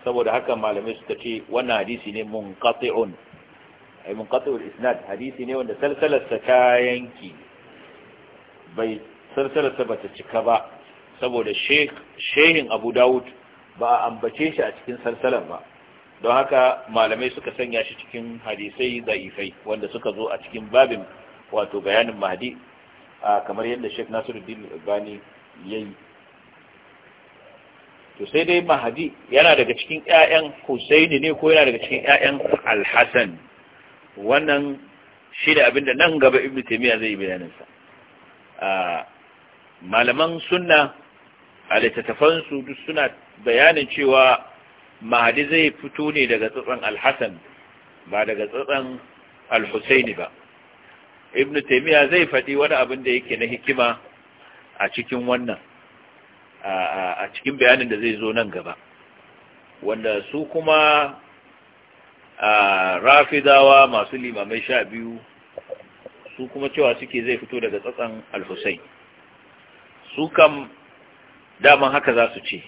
saboda haka malamai suka ce wannan hadisi ne munqati'un ay munqati'ul isnad hadisi ne wanda salsalarsa ta yanki bai salsalarsa bata cika ba saboda sheikh shehin abu dawud ba a ambace shi a cikin salsalan ba don haka malamai suka sanya shi cikin hadisai za'ifai wanda suka zo a cikin babin wato bayanin mahdi kamar yadda Nasiru Nasiruddin Albani yayi to sai dai mahdi yana daga cikin 'ya'yan Husaini ne ko yana daga cikin 'ya'yan alhassan wannan shi da abinda nan gaba Ibn Taymiyyah zai yi malaman sunna a littattafansu duk suna bayanin cewa mahadi zai fito ne daga tsatsan alhassan ba daga tsatsan alhussaini ba ibn taimiyya zai faɗi wani abin da yake na hikima a cikin wannan a cikin bayanin da zai zo nan gaba wanda su kuma rafidawa masu limamai sha biyu su kuma cewa suke zai fito daga tsatsan alhussaini su kam daman haka za su ce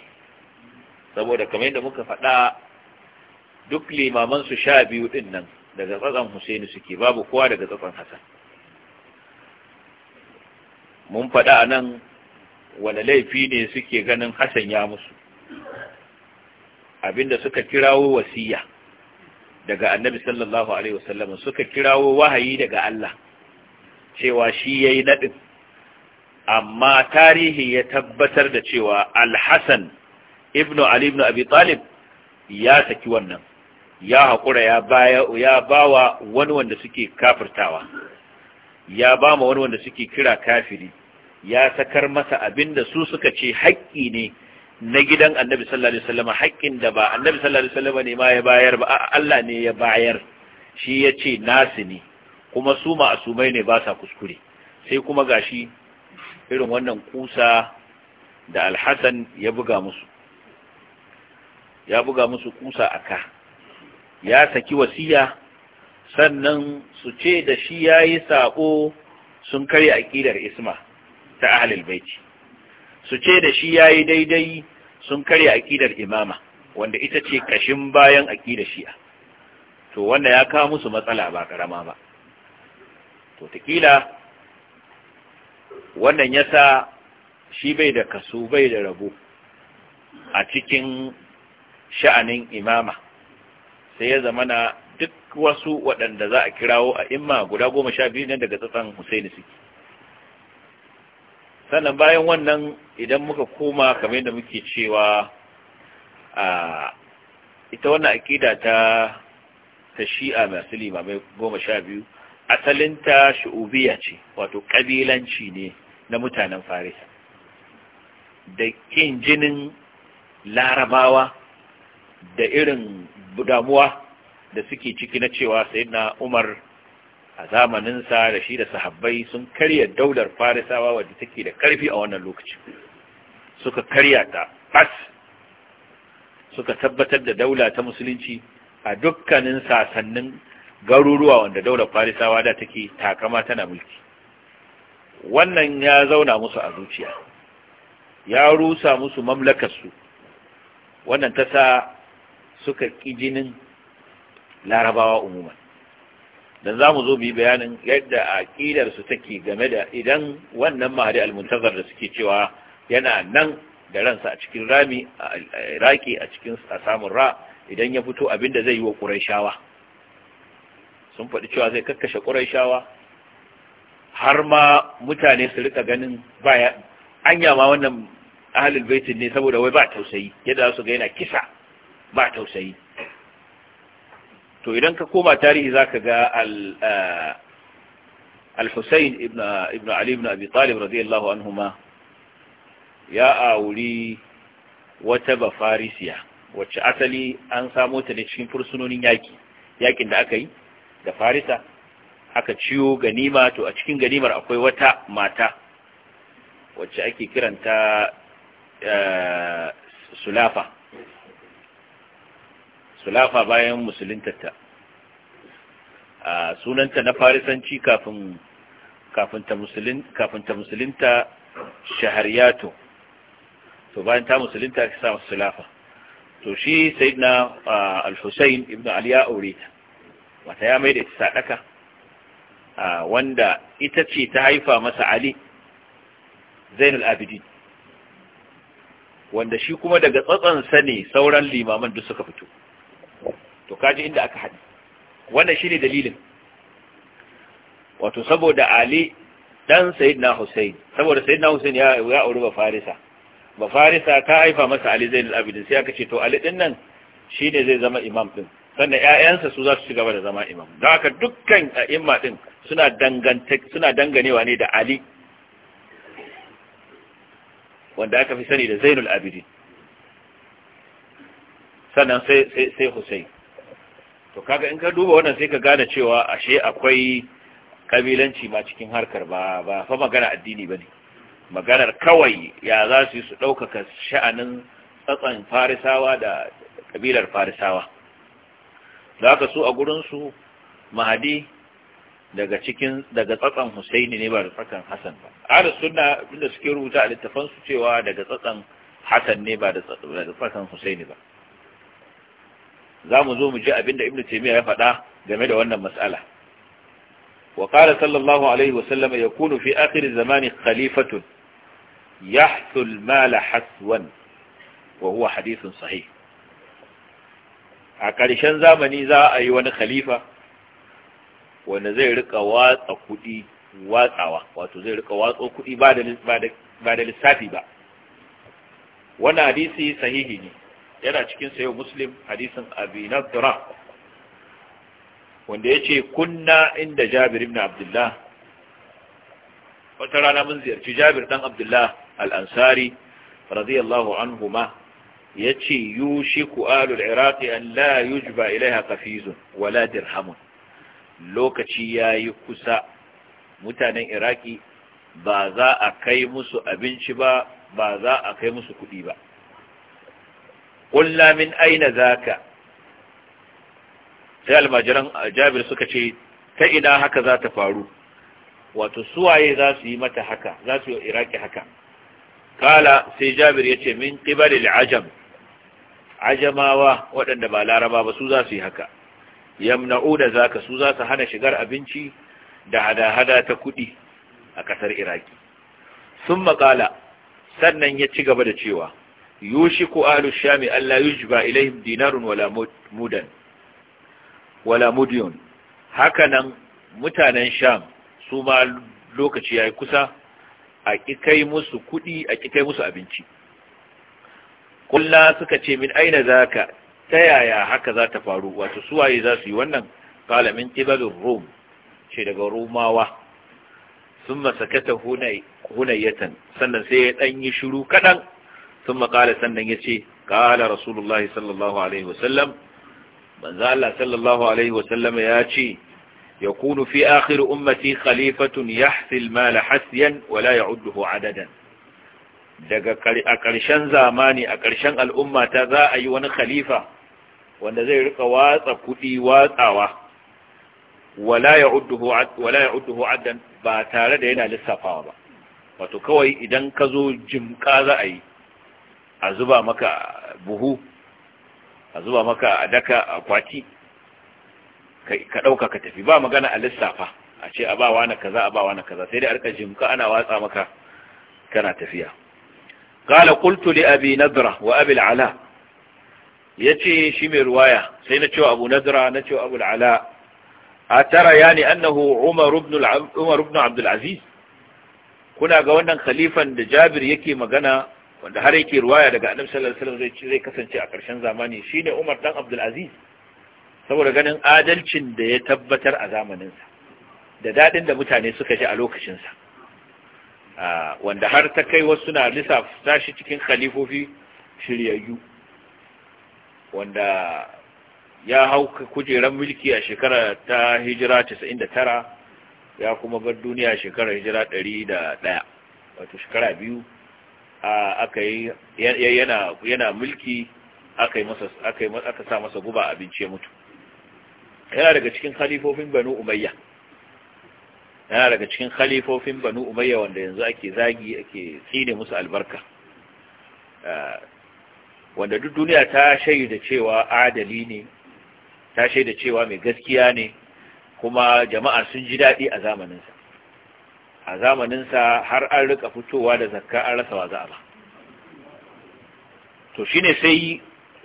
saboda kamar yadda muka faɗa duk limaman su sha biyu din nan daga tsatsan Husaini suke babu kowa daga tsatsan Hassan mun faɗa a nan wani laifi ne suke ganin Hassan ya musu abinda suka kirawo wasiya daga annabi sallallahu alaihi wasallam suka kirawo wahayi daga Allah cewa shi yayi naɗin. amma tarihi ya tabbatar da cewa al ibnu ali ibnu abi talib ya saki wannan ya haƙura ya baya ya bawa wani wanda suke kafirtawa ya bama wani wanda suke kira kafiri ya sakar masa abinda su suka ce haƙƙi ne na gidan annabi sallallahu alaihi wasallam haƙƙin da ba annabi sallallahu alaihi wasallam ne ma ya bayar ba Allah ne ya bayar shi ya ce nasu ne kuma su ma'asumai ne ba sa kuskure sai kuma gashi irin wannan kusa da alhassan ya buga musu ya buga musu kusa a ka ya saki wasiya sannan su ce da shi ya yi saƙo sun karya aƙidar isma ta ahalil baiti su ce da shi ya yi daidai sun karya aƙidar imama wanda ita ce ƙashin bayan aƙidar shi'a to wanda ya kawo musu matsala ba ƙarama ba to taƙila wannan ya sa shi bai da kaso bai da rabo a cikin sha'anin imama sai ya zamana duk wasu waɗanda za a kirawo a imma guda goma sha biyu ne daga tsatsan Husaini suke sannan bayan wannan idan muka koma kamar yadda muke cewa a ita wannan aƙida ta ta shi'a masu limamai goma sha biyu asalinta shu'ubiya ce wato ƙabilanci ne na mutanen farisa da ƙin jinin larabawa da irin damuwa da suke ciki na cewa sai na Umar a zamaninsa da shi da sahabbai sun karya daular farisawa wadda take da karfi a wannan lokaci suka karya ta bas suka tabbatar da daula ta musulunci a dukkanin sasannin garuruwa wanda daular farisawa da take takama tana mulki wannan ya zauna musu a zuciya ya rusa musu su, wannan ta sa suka ƙi jinin larabawa umuman dan za mu zo bi bayanin yadda aƙidar su take game da idan wannan mahadi almuntazar da suke cewa yana nan da ransa a cikin rami a iraki a cikin a samun ra idan ya fito abin da zai yi wa ƙuraishawa sun faɗi cewa zai kakkashe ƙuraishawa har ma mutane su rika ganin baya anya ma wannan ahalin baitin ne saboda wai ba tausayi yadda za su ga yana kisa ba tausayi to idan ka koma tarihi zaka ga al-Husayn ibn ibn Ali ibn Abi Talib radiyallahu anhuma ya auri wata bafarisiya wacce asali an samo ta ne cikin fursunonin yaki yakin da aka yi da farisa aka ciyo ganima to a cikin ganimar akwai wata mata wacce ake kiranta sulafa sulafa bayan musuluntarta a sunanta na farisanci kafin ta musulunta shaharyato to bayan ta musulunta ta sa sulafa to shi sai al husayn ibn ali ya aure ta wata ya mai da ita sadaka wanda ita ce ta haifa masa ali zainul abidin wanda shi kuma daga tsatsansa ne sauran limaman duk suka fito to kaji inda aka haɗi wannan shine dalilin wato saboda ali dan sayyidina Hussein saboda sayyidina Hussein ya ya auri ba farisa ba farisa ta haifa masa Ali Zainul Abidin sai aka ce to Ali din nan shine zai zama imam din sannan ƴaƴansa su za su ci gaba da zama imam don haka dukkan a'imma din suna danganta suna danganewa ne da Ali wanda aka fi sani da Zainul Abidin sannan sai sai sai Hussein to kaga in ka duba wannan sai ka gane cewa ashe akwai kabilanci ma cikin harkar ba ba fa magana addini bane maganar kawai ya za su yi su ɗaukaka sha'anin tsatsan farisawa da kabilar farisawa za ka so a gurinsu mahadi daga cikin daga tsatsan Husaini ne ba da tsatsan Hassan ba. ala sunna inda suke rubuta a littafan su cewa daga tsatsan Hassan ne ba da Husaini ba. za mu zo mu ji abinda Ibn taymiya ya faɗa game da wannan matsala. wa qala sallallahu alaihi wa sallam yakunu fi akhir zamani khalifatun ya al-mal haswan wa huwa hadithun sahih a ƙarshen zamani za a yi wani khalifa wanda zai rika watsa kuɗi watsawa wato zai rika watso kuɗi ba da lissafi ba wannan hadisi sahihi ne yana cikin sayo muslim hadisin abi nadra wanda ya ce kunna inda jabir ibn abdullah wata rana mun ziyarci jabir dan abdullah al'ansari radiyallahu anhu ma ya ce yushi ku'alul iraqi an la yujba ilaiha kafizun wala dirhamun lokaci ya yi kusa mutanen iraki ba za a kai musu abinci ba ba za a kai musu kuɗi ba ƙulla min aina ذاك sai almajiran jabir suka ce ta ina haka za ta faru wato suwaye za su yi mata haka za su yi iraki haka kala sai jabir ya ce min ƙibalil ajam ajamawa waɗanda ba laraba ba su za su yi haka yamna'u da zaka su za su hana shigar abinci da hada-hada ta kuɗi a ƙasar iraki sun makala sannan ya ci gaba da cewa yushiku ahlu shami alla yujba ilaihim dinarun wala mudan wala mudyon haka nan mutanen sham su ma lokaci yayi kusa a kai musu kudi a kikai musu abinci kulla suka ce min aina zaka ta yaya haka za ta faru wato suwaye za su yi wannan Kalamin min qibalur rum ce daga rumawa sun masakata hunayatan sannan sai ya ɗan yi shiru kaɗan sun makale sannan ya ce, Ƙala Rasulullahi sallallahu Alaihi wasallam, banza Allah sallallahu Alaihi wasallam ya ce, Ya kunu fi akhir ummati khalifatun ya mala hasiyan wala ya udduhu adadan. Daga a ƙarshen zamani, a ƙarshen al’umma ta za a yi wani khalifa wanda zai rika watsa kuɗi watsawa, wala ya udduhu adadan ba tare da yana lissafawa ba. Wato kawai idan ka zo jimka za a yi. a zuba maka buhu a zuba maka a daka a kwati ka ɗauka ka tafi ba magana a lissafa a ce a bawa na kaza a bawa na kaza sai dai arka jimka ana watsa maka kana tafiya qala qultu li abi nadra wa abi al Ya ce shi mai ruwaya sai na cewa abu nadra na cewa abu A tara ya ne annahu umar ibn umar aziz kuna ga wannan khalifan da jabir yake magana wanda har yake ruwaya daga annabi sallallahu alaihi wasallam zai kasance a ƙarshen zamani shine Umar dan Abdul Aziz saboda ganin adalcin da ya tabbatar a zamanin sa da dadin da mutane suka ji a lokacin sa wanda har ta kai wasu na lissafa shi cikin khalifofi shiryayyu wanda ya hau kujeran mulki a shekara ta hijira 99 ya kuma bar duniya shekara hijira 101 wato shekara biyu aka yi yana mulki aka sa masa guba abinci ya mutu yana daga cikin khalifofin Banu Umayya yana daga cikin khalifofin Banu Umayya wanda yanzu ake zagi ake tsine musu albarka wanda duk duniya ta shaida cewa adali ne ta shaida cewa mai gaskiya ne kuma jama'a sun ji daɗi a zamaninsa a zamaninsa har an rika fitowa da zakka an rasa waza ba to shine sai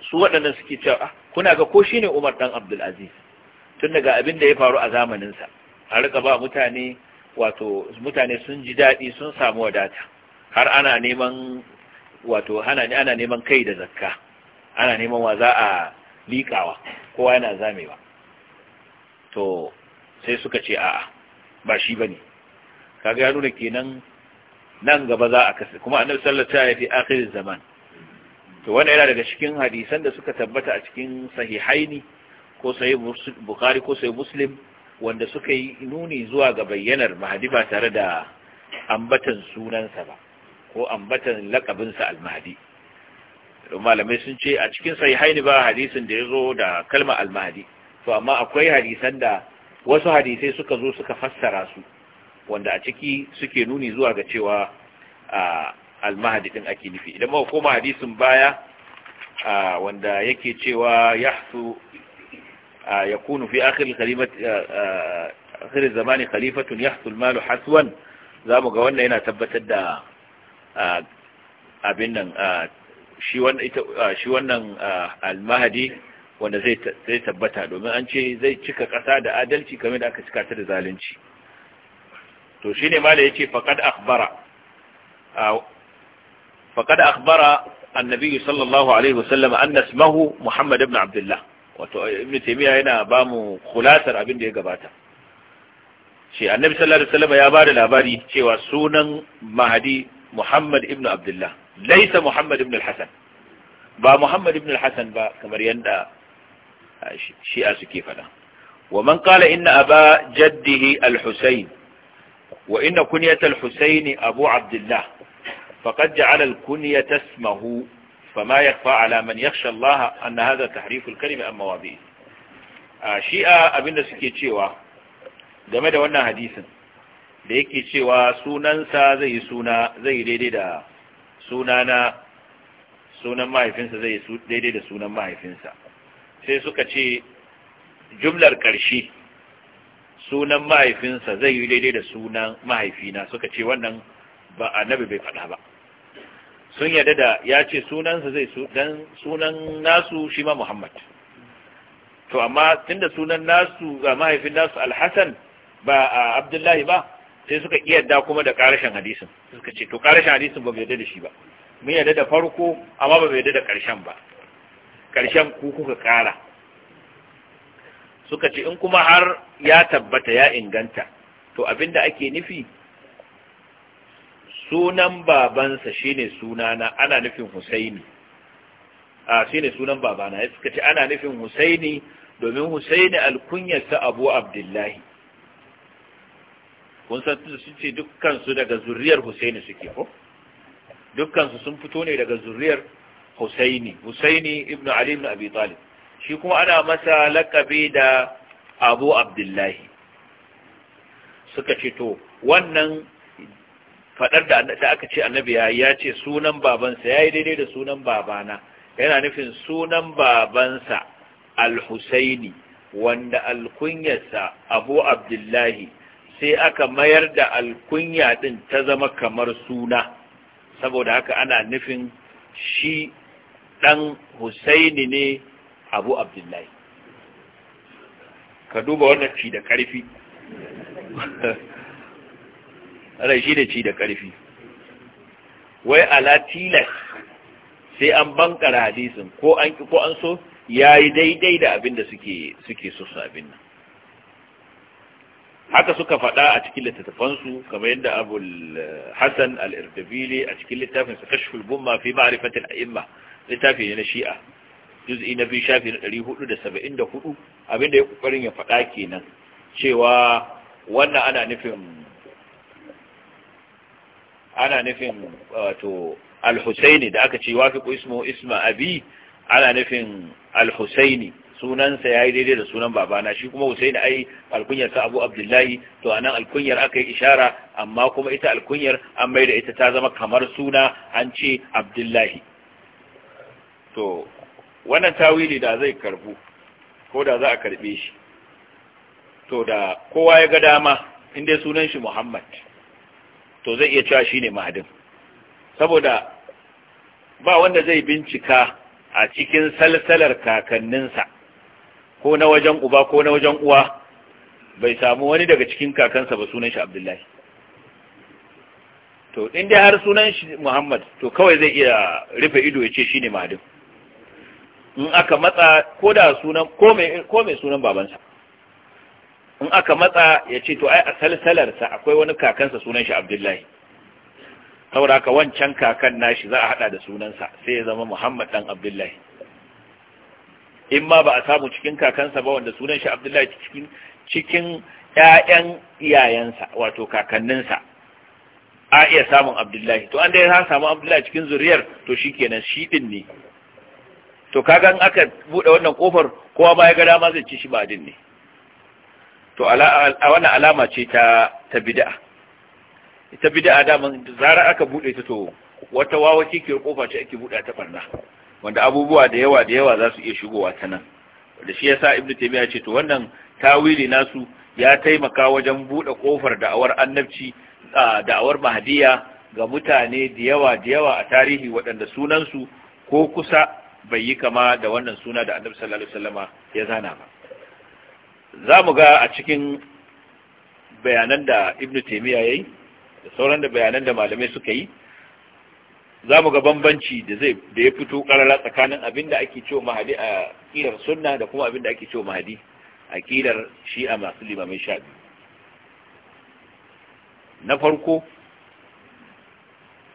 su waɗannan suke cewa ah, kuna ga ko shine Umar dan Abdul Aziz tun daga abin da ya faru a zamaninsa an rika ba mutane wato mutane sun ji daɗi sun samu wadata har ana neman wato ana neman kai da zakka ana neman waza a liƙawa kowa yana zamewa to sai suka ce a'a ba shi bane kaga ya nuna kenan nan gaba za a kasa kuma annabi sallallahu alaihi wasallam ya fi zaman to wannan yana daga cikin hadisan da suka tabbata a cikin sahihaini ko sahih bukhari ko sahih muslim wanda suka yi nuni zuwa ga bayyanar mahdi ba tare da ambatan sunansa ba ko ambatan lakabinsa al-mahdi malamai sun ce a cikin sahihaini ba hadisin da ya zo da kalma al-mahdi to amma akwai hadisan da wasu hadisai suka zo suka fassara su wanda a ciki suke nuni zuwa ga cewa al-mahdi ake nufi idan ma koma hadisin baya wanda yake cewa yahsu yakunu fi akhir kalimat akhir zamani khalifatun yahsu al-malu haswan zamu ga wannan yana tabbatar da abin nan shi wannan al-mahdi wanda zai tabbata domin an ce zai cika ƙasa da adalci kamar da aka cika ta da zalunci to shine mala yace faqad akhbara faqad akhbara annabi sallallahu alaihi wasallam anna ismahu muhammad ibn abdullah wato ibn taymiya yana ba mu khulasar abin da ya gabata shi annabi sallallahu alaihi wasallam ya bada labari cewa sunan mahadi muhammad ibn abdullah laysa muhammad ibn al-hasan ba muhammad ibn al-hasan ba kamar yadda shi'a suke fada wa man qala inna aba jaddihi al wa inna kunyatal husaini abu abdullah faqad ja'ala al-kunya tasmahu fama yakfa ala man yakhsha Allah anna hadha tahrif al-kalimi amma wabi shi'a abinda suke cewa game da wannan hadisin da yake cewa sunansa zai suna zai daidai daidai da sunan mahaifinsa sai suka ce jumlar ƙarshe sunan mahaifinsa zai yi daidai da sunan mahaifina suka ce wannan ba annabi bai faɗa ba sun yarda da ya ce sunansa zai dan sunan nasu shi ma Muhammad to amma tunda sunan nasu ga mahaifin nasu Al-Hasan ba Abdullahi ba sai suka da kuma da karshen hadisin suka ce to karshen hadisin ba yarda da shi ba mun yarda da farko amma ba yarda da karshen ba karshen ku kuka kara suka ce in kuma har ya tabbata ya inganta to abinda ake nufi sunan babansa shine sunana ana nufin Husaini a shine sunan babana ya suka ce ana nufin Husaini domin Husaini alkunyarsa Abu Abdullahi kun san su ce dukkan su daga zuriyar Husaini suke ko dukkan su sun fito ne daga zuriyar Husaini Husaini ibn Ali ibn Abi Talib shi kuma ana masa lakabi da abu abdullahi suka ce to wannan faɗar da aka ce annabi ya ce sunan babansa ya yi daidai da sunan babana yana nufin sunan babansa al-husaini wanda alkunyarsa abu abdullahi sai aka mayar da alkunya din ta zama kamar suna saboda haka ana nufin shi ɗan husaini ne abu abdullahi ka duba wannan ci da ƙarfi rai shi da ci da ƙarfi wai ala tilas sai an bankara hadisin ko an ko an so yayi daidai da abin da suke suke so su abin nan haka suka faɗa a cikin littattafansu kamar yadda abul eh, Hassan al-irdabili a cikin littafin sa kashful bumma fi ma'rifati al-a'imma littafi ne na shi'a juz'i na biyu shafi na ɗari hudu da saba'in da hudu abinda ya ƙoƙarin ya faɗa kenan cewa wannan ana nufin ana nufin wato al-husaini da aka ce fi ismu isma abi ana nufin al-husaini sunansa yayi daidai da sunan babana shi kuma husaini ai alkunyar sa abu abdullahi to anan alkunyar aka yi ishara amma kuma ita alkunyar an mai da ita ta zama kamar suna an ce abdullahi to wannan tawili da zai karbu ko da za a karbe shi to da kowa ya ga dama inda sunan shi Muhammad to zai iya cewa shine mahadin saboda ba wanda zai bincika a cikin salsalar kakanninsa ko na wajen uba ko na wajen uwa bai samu wani daga cikin kakansa ba sunan shi Abdullahi to inda har sunan shi Muhammad to kawai zai iya rufe ido ya ce shine mahadin in aka matsa ko da sunan ko mai sunan babansa in aka matsa ya ce to ai a salsalarsa akwai wani kakansa sunan shi abdullahi saboda haka wancan kakan nashi za a hada da sunansa sai ya zama muhammad dan abdullahi in ma ba a samu cikin kakansa ba wanda sunan shi abdullahi cikin cikin ƴaƴan iyayensa wato kakanninsa a iya samun abdullahi to an dai ya samu abdullahi cikin zuriyar to shikenan shi din ne to kaga in aka bude wannan kofar kowa ba ya ga dama zai ci shi ba din ne to a wannan alama ce ta ta bid'a ita bid'a zara aka bude ta to wata wawa ke kofa ce ake buɗa ta barna wanda abubuwa da yawa da yawa za su iya shigowa ta nan wanda shi yasa ibnu taymiya ce to wannan tawili nasu ya taimaka wajen buɗe kofar da'awar annabci da'awar mahdiya ga mutane da yawa da yawa a tarihi waɗanda sunansu ko kusa bai yi kama da wannan suna da annabi sallallahu alaihi wasallama ya zana ba za mu ga a cikin bayanan da ibnu taymiya yayi da sauran da bayanan da malamai suka yi za mu ga bambanci da zai da ya fito karara tsakanin abin da ake cewa mahadi a kirar sunna da kuma abin da ake cewa mahadi a kirar shi'a masu limamin sha na farko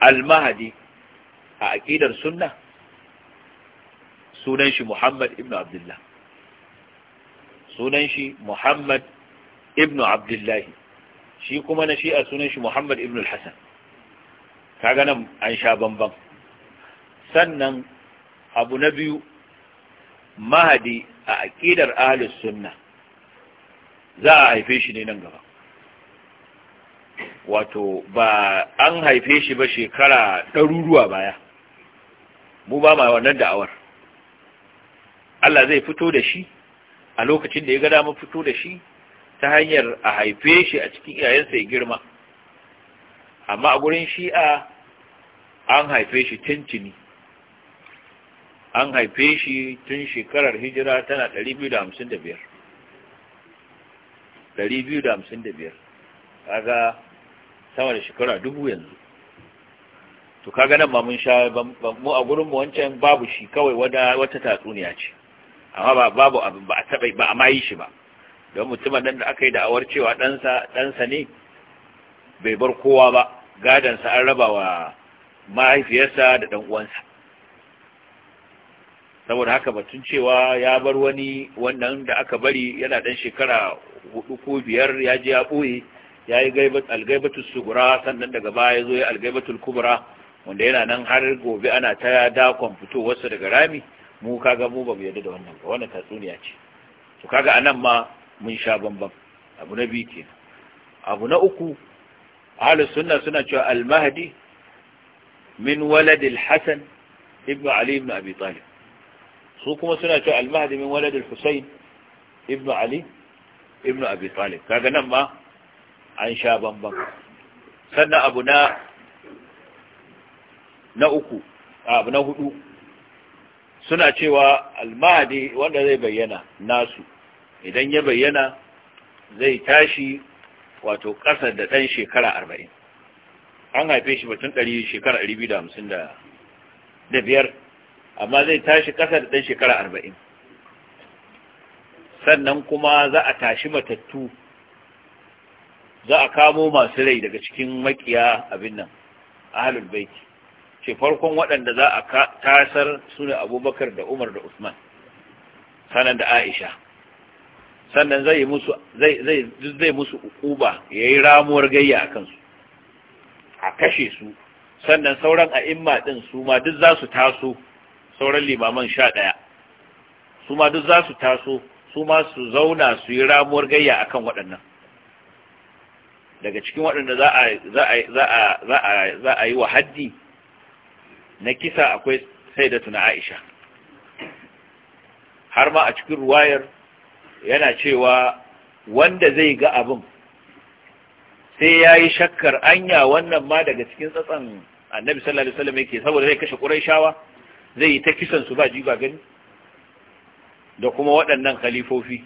al-mahadi a aqidar sunna sunan shi Muhammad ibn Abdullah sunan shi Muhammad ibn Abdullah shi kuma na shi'a sunan shi Muhammad ibn al-Hasan kaga nan an sha bamban sannan abu na biyu mahadi a aqidar ahlus sunna za a haife shi ne nan gaba wato ba an haife shi ba shekara ɗaruruwa baya mu ba ma wannan da'awar Allah zai fito da shi a lokacin da ya ga mu fito da shi ta hanyar a haife shi a cikin iyayensa ya girma amma a gurin shi'a an haife shi tuntuni an haife shi tun shekarar hijira tana 255 255 kaga sama da shekara dubu yanzu to kaga nan ma mun sha mu a gurin mu wancan babu shi kawai wata tatsuniya ce amma babu abin ba a taɓa ba a mayi shi ba don mutumin nan da aka yi da'awar cewa ɗansa ɗansa ne bai bar kowa ba gadansa an raba wa mahaifiyarsa da ɗan uwansa saboda haka batun cewa ya bar wani wannan da aka bari yana ɗan shekara hudu ko biyar ya je ya ɓoye ya yi algaibatul sugura sannan daga baya ya zo ya algaibatul kubra wanda yana nan har gobe ana ta dakon fitowarsa daga rami mu kaga mu ba mu yarda da wannan ba wannan tatsuniya ce to kaga anan ma mun sha bambam abu na biyu kenan abu na uku ahlus sunna suna cewa al-mahdi min walad al-hasan ibn ali ibn abi talib su kuma suna cewa al-mahdi min walad al-husayn ibn ali ibn abi talib kaga nan ma an sha bambam sannan abu na na uku abu na hudu suna cewa almahadi wanda zai bayyana nasu idan ya bayyana zai tashi wato ƙasa da ɗan shekara arba'in an haife shi batun ɗari shekara ɗari biyu da hamsin da biyar amma zai tashi ƙasa da ɗan shekara arba'in sannan kuma za a tashi matattu za a kamo masu rai daga cikin makiya abin nan ahalul baiki ce farkon waɗanda za a tasar su ne abubakar da umar da usman sanar da aisha sannan zai musu uba ya yi ramuwar gayya a kansu a kashe su sannan sauran a'imma ɗin su ma duk za su taso sauran limaman sha ɗaya su ma duk za su taso su ma su zauna su yi ramuwar gayya a kan waɗannan daga cikin waɗanda za a yi wa haddi na kisa akwai sai da tuna aisha har ma a cikin ruwayar yana cewa wanda zai ga abin sai ya yi shakkar anya wannan ma daga cikin tsatsan annabi sallallahu alaihi wasallam yake saboda zai kashe quraishawa zai yi ta kisan su ba ji ba gani da kuma waɗannan khalifofi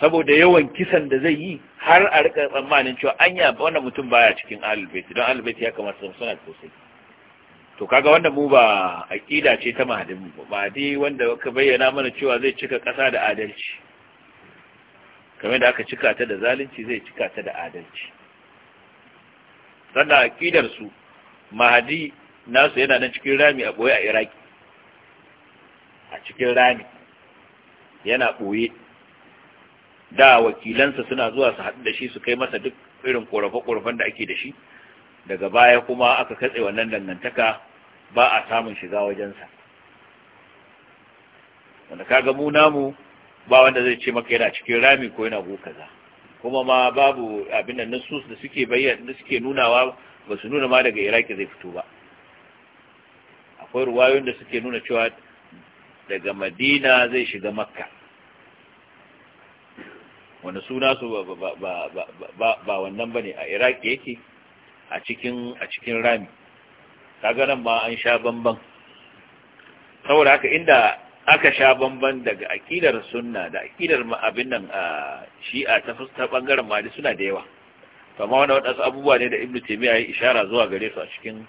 saboda yawan kisan da zai yi har a rika tsammanin cewa anya wannan mutum baya cikin ahlul don ahlul ya kamata su suna sosai to kaga wanda mu ba aqida ce ta mahadin mu ba dai wanda ka bayyana mana cewa zai cika kasa da adalci kamar da aka cika ta da zalunci zai cika ta da adalci sannan aqidar su mahadi nasu yana nan cikin rami a boye a iraki a cikin rami yana boye da wakilansa suna zuwa su haɗu da shi su kai masa duk irin ƙorafe-ƙorafen da ake da shi daga baya kuma aka katse wannan dangantaka ba a samun shiga wajensa wanda kaga mu namu ba wanda zai ce maka yana cikin rami ko yana go kaza kuma ma babu abin da sus da suke bayyana da suke nunawa ba su nuna ma daga iraki zai fito ba akwai ruwayoyin da suke nuna cewa daga madina zai shiga makka wanda suna su ba wannan ba ne a iraki yake a cikin rami kaga nan ma an sha bamban saboda haka inda aka sha bamban daga akidar sunna da akidar abin nan shi'a ta fuska bangaren mali suna da yawa amma wani waɗansu abubuwa ne da ibnu taimiyya ya ishara zuwa gare su a cikin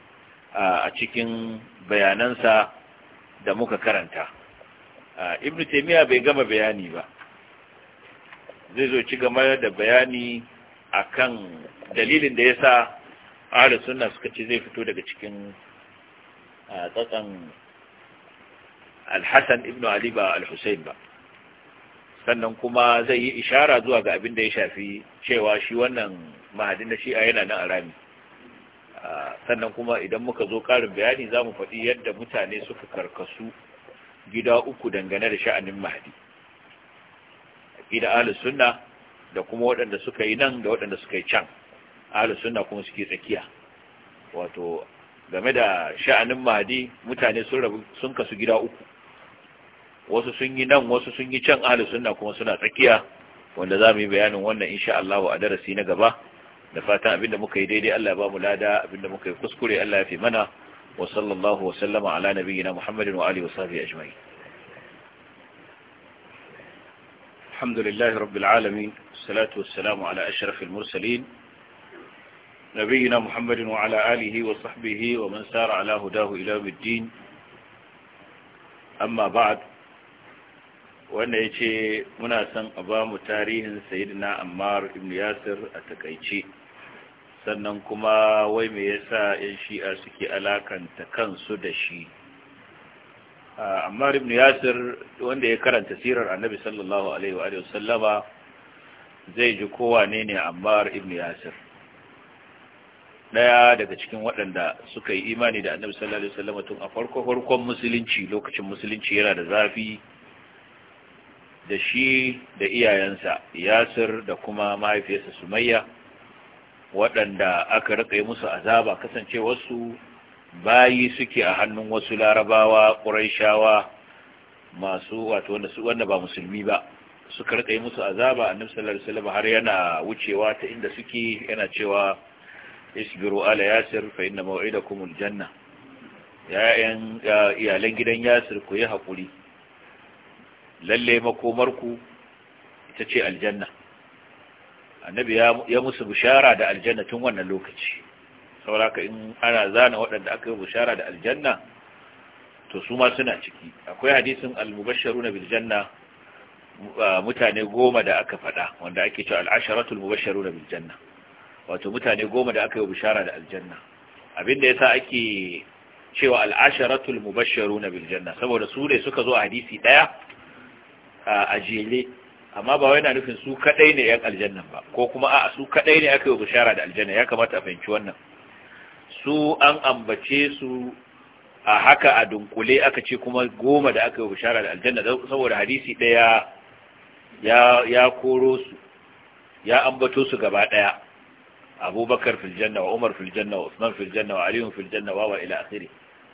a cikin bayanansa da muka karanta ibnu taimiyya bai gama bayani ba zai zo ci gama da bayani akan dalilin da ya sa ahli sunna suka ce zai fito daga cikin tsatsan Alhassan hasan ibn ali ba al-husayn ba sannan kuma zai yi ishara zuwa ga abin da ya shafi cewa shi wannan mahadin na shi'a yana nan a rami sannan kuma idan muka zo karin bayani za mu faɗi yadda mutane suka karkasu gida uku dangane da sha'anin mahadi gida ahlus sunna da kuma waɗanda suka yi nan da waɗanda suka yi can ahlus sunna kuma suke tsakiya wato game da sha'anin mahdi mutane sun rabu sun kasu gida uku wasu sun yi nan wasu sun yi can ahlus sunna kuma suna tsakiya wanda za mu yi bayanin wannan insha Allah a darasi na gaba da fatan abinda muka yi daidai Allah ya ba mu lada abinda muka yi kuskure Allah ya fi mana wa sallallahu wa sallama ala nabiyyina Muhammadin wa alihi wa sahbihi ajma'in alhamdulillahi rabbil alamin salatu wassalamu ala ashrafil mursalin نبينا محمد وعلى آله وصحبه ومن سار على هداه إلى الدين أما بعد wanda ya ce muna son a ba mu tarihin sayidina ammar ibn yasir a takaice sannan kuma wai me yasa yan shi'a suke alakanta kansu da shi ammar ibn yasir wanda ya karanta sirar annabi sallallahu alaihi wa sallama zai ji kowa ne ne ammar ibn yasir daya daga cikin waɗanda suka yi imani da annabi sallallahu alaihi wasallam tun a farko farkon musulunci lokacin musulunci yana da zafi da shi da iyayensa yasir da kuma mahaifiyarsa sumayya waɗanda aka rika yi musu azaba wasu, bayi suke a hannun wasu larabawa ƙuraishawa masu wato wanda su wanda ba musulmi ba suka rika yi musu azaba annabi sallallahu alaihi wasallam har yana wucewa ta inda suke yana cewa isbiru ala yasir fa inna maw'idakum aljanna 'yan iyalan gidan yasir ku yi hakuri lalle makomarku ita ce aljanna annabi ya musu bishara da aljanna tun wannan lokaci sauraka in ana zana waɗanda aka yi bishara da aljanna to su ma suna ciki akwai hadisin al-mubashsharuna bil janna mutane goma da aka faɗa wanda ake cewa al-asharatul mubashsharuna bil janna wato mutane goma da aka yi bishara da aljanna abinda yasa ake cewa al'asharatul mubashsharuna bil janna saboda su ne suka zo a hadisi daya a jele amma ba wai na nufin su kadai ne yan aljanna ba ko kuma a su kadai ne aka yi bishara da aljanna ya kamata a fahimci wannan su an ambace su a haka a dunkule aka ce kuma goma da aka yi bishara da aljanna saboda hadisi daya ya ya koro su ya ambato su gaba daya abubakar fil janna wa umar fil wa usman fil wa Aliyun fil wa, wa ila akhiri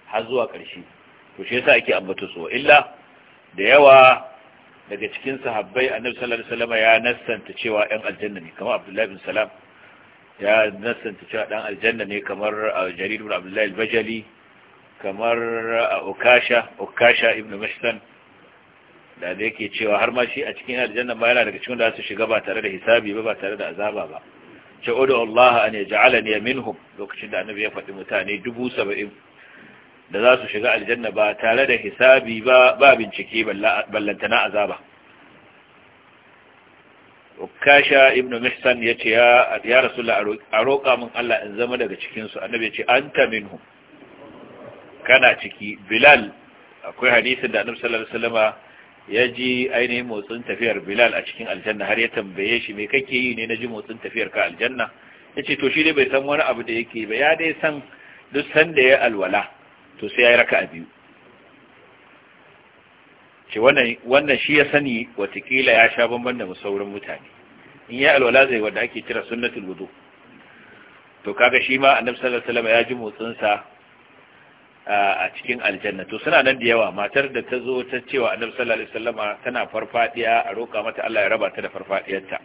har zuwa karshe to shi yasa ake ambato su illa da yawa daga cikin sahabbai annabi sallallahu alaihi wasallam ya nassanta cewa ɗan aljanna ne kamar abdullahi bin salam ya nassanta cewa ɗan aljanna ne kamar uh, jarir bin abdullahi al-bajali kamar uh, ukasha ukasha ibn mashtan da da yake cewa har ma shi a cikin aljanna ba yana daga cikin da za su shiga ba tare da hisabi ba ba tare da azaba ba ce odo Allah an a minhum lokacin da annabi ya faɗi mutane dubu saba'in da za su shiga aljanna ba tare da hisabi ba ba bincike na azaba ukasha ibn mihsan yace ya ya rasulullah a roƙa min Allah in zama daga cikin su annabi yace anta minhum kana ciki bilal akwai hadisin da annabi sallallahu alaihi ya ji ainihin motsin tafiyar bilal a cikin aljanna har ya tambaye shi mai kake yi ne na ji motsin tafiyar ka aljanna ya ce to shi dai bai san wani abu da yake ba ya dai san duk sanda ya alwala to sai ya yi raka a biyu ce wannan shi ya sani watakila ya sha bamban da musaurin mutane in ya alwala zai wanda ake kira sunnatul wudu to kaga shi ma annabi sallallahu alaihi wasallam ya ji motsin sa a cikin aljanna to suna nan da yawa matar da ta zo ta cewa annabi sallallahu alaihi wasallama tana farfadiya a roka mata Allah ya raba ta da farfadiyarta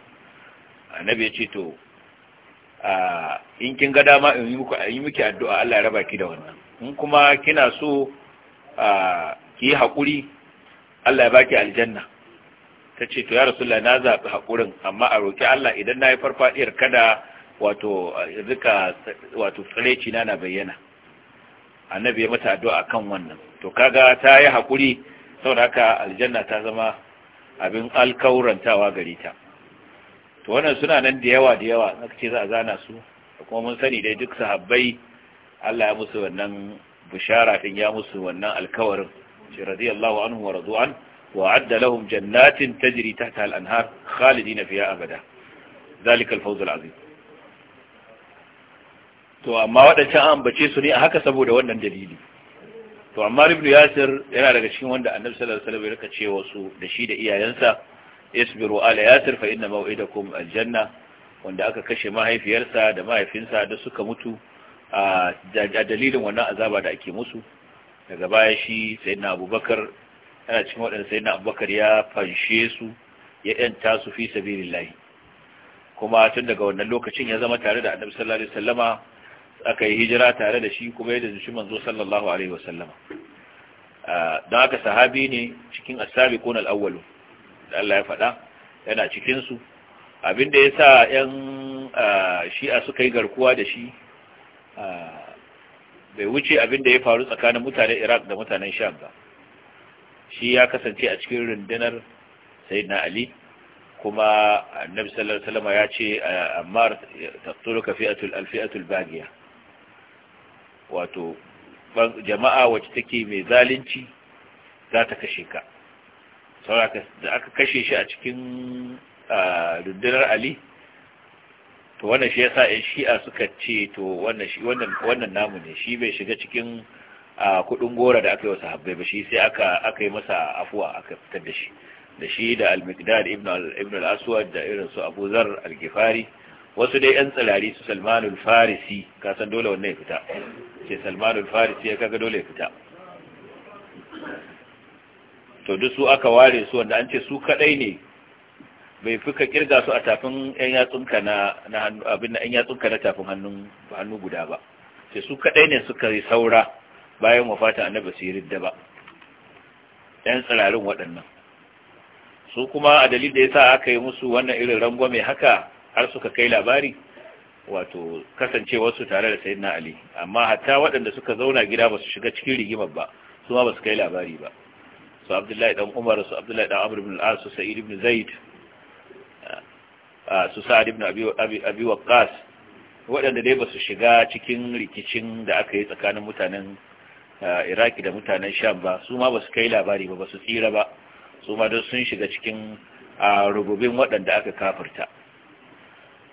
annabi ya ce to in kin ga dama in yi miki addu'a Allah ya raba ki da wannan in kuma kina so ki yi haƙuri Allah ya baki aljanna ta ce to ya rasulullah na zaɓi haƙurin amma a roki Allah idan na yi farfadiyar kada wato rika wato tsireci na na bayyana annabi ya mata addu'a akan wannan to kaga ta yi hakuri saboda haka aljanna ta zama abin alkaurantawa gare ta to wannan suna nan da yawa da yawa zaka ce za a zana su kuma mun sani dai duk sahabbai Allah ya musu wannan bishara din ya musu wannan alkawarin shi radiyallahu anhu wa radu'an wa adda lahum jannatin tajri tahta al-anhar khalidina fiha abada zalika al-fawz al-azim to amma waɗancan an bace su ne a haka saboda wannan dalili to amma ibnu yasir yana daga cikin wanda annabi sallallahu alaihi wasallam ya rika cewa su da shi da iyayensa isbiru ala yasir fa inna maw'idakum aljanna wanda aka kashe mahaifiyarsa da mahaifinsa da suka mutu a dalilin wannan azaba da ake musu daga baya shi sayyidina abubakar yana cikin waɗanda sayyidina abubakar ya fanshe su ya yanta su fi sabilillahi kuma tun daga wannan lokacin ya zama tare da annabi sallallahu alaihi wasallama aka yi hijira tare da shi kuma yadda shi manzo sallallahu alaihi wasallama don haka sahabi ne cikin asabi ko na al'awwalu da Allah ya faɗa yana cikinsu abinda ya sa ‘yan shi'a suka yi garkuwa da shi bai wuce abin da ya faru tsakanin mutanen iraq da mutanen sham ba shi ya kasance a cikin rundunar na ali kuma annabi sallallahu alaihi wasallam ya ce ammar taqtuluka fi'atul alfi'atul bagiya wato jama'a wacce take mai zalunci za ta kashe ka sauraka da aka kashe shi a cikin rundunar ali to wannan shi yasa yan shi'a suka ce to wannan namu ne shi bai shiga cikin kudin gora da aka yi wa sahabai ba shi sai aka yi masa afuwa aka fitar da shi da shi da al mikdad ibn al-ibn aswad da irin su abu zar al-gifari wasu dai yan tsirari su salmanul farisi ka san dole wannan ya fita ce salmanul farisi ya kaga dole ya fita to duk su aka ware su wanda an ce su kadai ne bai fuka kirga su a tafin yan yatsunka na hannu abin yan yatsunka na tafin hannu guda ba ce su kadai ne suka yi saura bayan fata annabi sirrin da ba yan tsirarin waɗannan su kuma a dalil da yasa aka yi musu wannan irin rangwame haka har suka kai labari wato kasancewarsu tare da sayyidina ali amma hatta waɗanda suka zauna gida ba su shiga cikin rigimar ba su ma ba su kai labari ba su abdullahi dan umar su abdullahi dan amr ibn al-as su sa'id ibn zaid su sa'ad ibn abi waqqas waɗanda dai ba su shiga cikin rikicin da aka yi tsakanin mutanen iraki da mutanen sham ba su ma ba su kai labari ba ba su tsira ba su ma don sun shiga cikin rububin waɗanda aka kafirta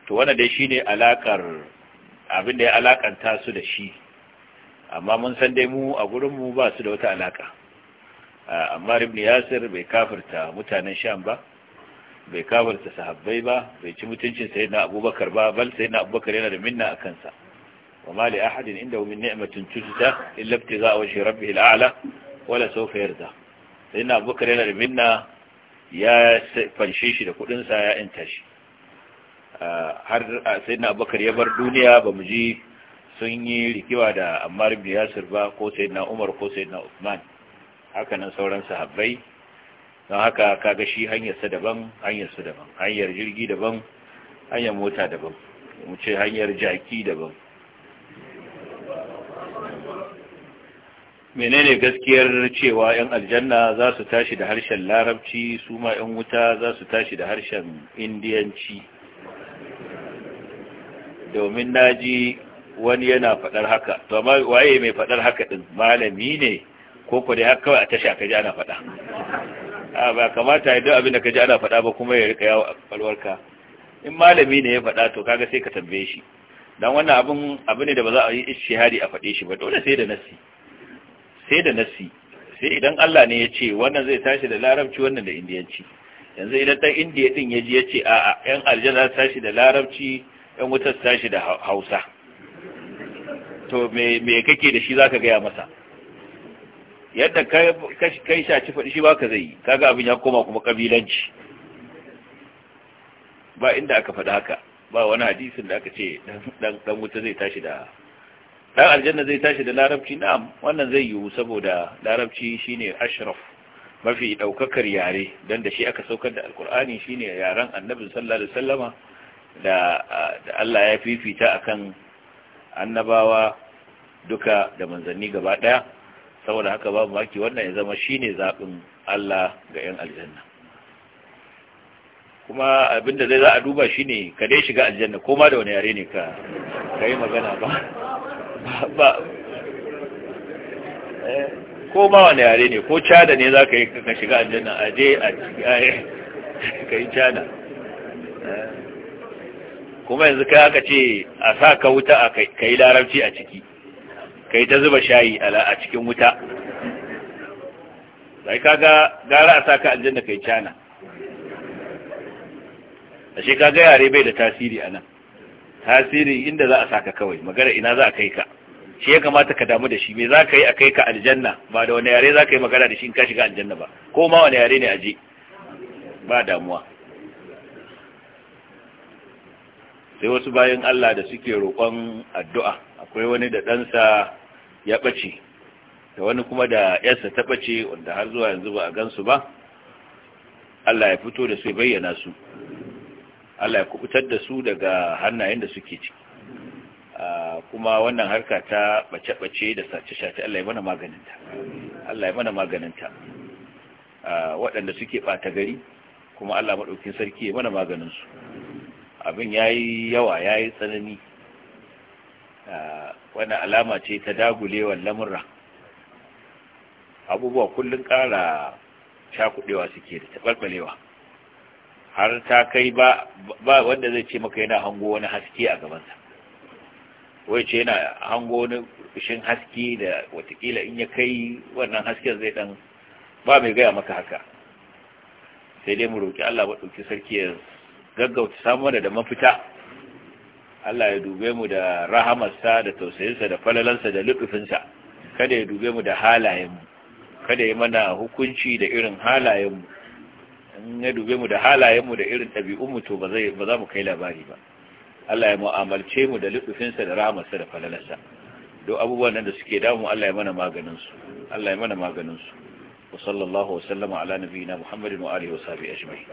to wannan dai shine alakar abin da ya alakanta su da shi amma mun san dai mu a gurin mu ba su da wata alaka amma ibn yasir bai kafirta mutanen sham ba bai kafirta sahabbai ba bai ci mutuncin sayyidina abubakar ba bal sayyidina abubakar yana da minna akan sa وما لأحد عنده من نعمة تجزى إلا Ala, وجه ربه الأعلى ولا سوف Abubakar yana da Minna ya منا shi da لكل ya يا إنتش har na abubakar ya bar duniya ba mu ji sun yi rikiwa da ammar ibn yasir ba ko sai na umar ko sai na usman haka nan sauran sahabbai don haka kaga shi hanyarsa daban su daban hanyar jirgi daban hanyar mota daban mu ce hanyar jaki daban menene gaskiyar cewa yan aljanna za su tashi da harshen larabci su ma yan wuta za su tashi da harshen indiyanci domin naji wani yana faɗar haka to amma waye mai faɗar haka din malami ne ko ko dai haka kawai a tasha ji ana faɗa a ba kamata yadda abin da ji ana faɗa ba kuma ya rika yawo a kwalwarka in malami ne ya faɗa to kaga sai ka tambaye shi dan wannan abin abu ne da ba za a yi ishihadi a faɗe shi ba dole sai da nassi sai da nassi sai idan Allah ne ya ce wannan zai tashi da larabci wannan da indiyanci yanzu idan ɗan indiya din ya ji ya ce a'a yan aljanna tashi da larabci yan wutar tashi da hausa to me kake da shi za ka gaya masa yadda kai ci faɗi shi ba ka zai yi kaga abin ya koma kuma kabilanci ba inda aka faɗi haka ba wani hadisin da aka ce ɗan wuta zai tashi da Ɗan aljanna zai tashi da larabci na'am wannan zai yiwu saboda larabci shine ashraf mafi daukakar yare dan da shi aka saukar da alkur'ani shine yaren annabi sallallahu alaihi wasallama da Allah ya fifita akan annabawa duka da manzanni gaba daya saboda haka babu maki wannan ya zama shine zabin Allah ga yan aljanna kuma abinda zai za a duba shine ka dai shiga aljanna ko ma da wani yare ne ka kai magana ba ko ba wani yare ne ko cada ne za ka yi ka shiga aljanna a je a ka yi cada eh. kuma yanzu kai aka ce a sa ka wuta ka yi larabci a ciki ka yi ta zuba shayi a cikin wuta sai ka ga gara a sa ka aljanna ka yi cana ashe ka ga yare bai da tasiri a nan tasiri inda za a sa ka kawai magana ina za a kai ka shi ya kamata ka damu da shi me za ka yi a kai ka aljanna ba da wani yare za ka yi magana da shi in ka shiga aljanna ba ko ma wani yare ne a je? ba damuwa sai wasu bayan Allah da suke roƙon addu'a akwai wani da ɗansa ya ɓace da wani kuma da yarsa ta ɓace wanda har zuwa yanzu ba a gansu ba Allah ya fito da su ya bayyana su Allah ya kubutar da su daga hannayen da suke ciki kuma wannan harka ta bace-bace da sace-sace Allah ya mana maganinta Allah ya mana maganinta waɗanda suke ɓata gari kuma Allah maɗaukin sarki ya mana maganinsu abin ya yi yawa ya yi tsanani wani alama ce ta dagulewar lamurra abubuwa kullum ƙara shakuɗewa suke da taɓarɓalewa har ta kai ba wanda zai ce maka yana hango wani haske a gabansa wai ce yana hango wani ƙushin haske da watakila in ya kai wannan hasken zai ɗan. ba mai gaya maka haka sai dai mu roƙi Allah maɗauki sarki ya gaggauta samun da mafita Allah ya dube mu da rahamarsa da tausayinsa da falalansa da lubufinsa kada ya dube mu da halayenmu kada ya mana hukunci da irin halayenmu in ya dube mu da halayenmu da irin ɗabi'unmu to ba za mu kai labari ba Allah ya mu'amalce mu da lutufinsa da rahamarsa da falalarsa duk abubuwan nan da suke damu Allah ya mana maganin su Allah ya mana maganin su wa sallallahu wa sallama ala nabiyyina Muhammadin wa alihi wa sahbihi ajma'in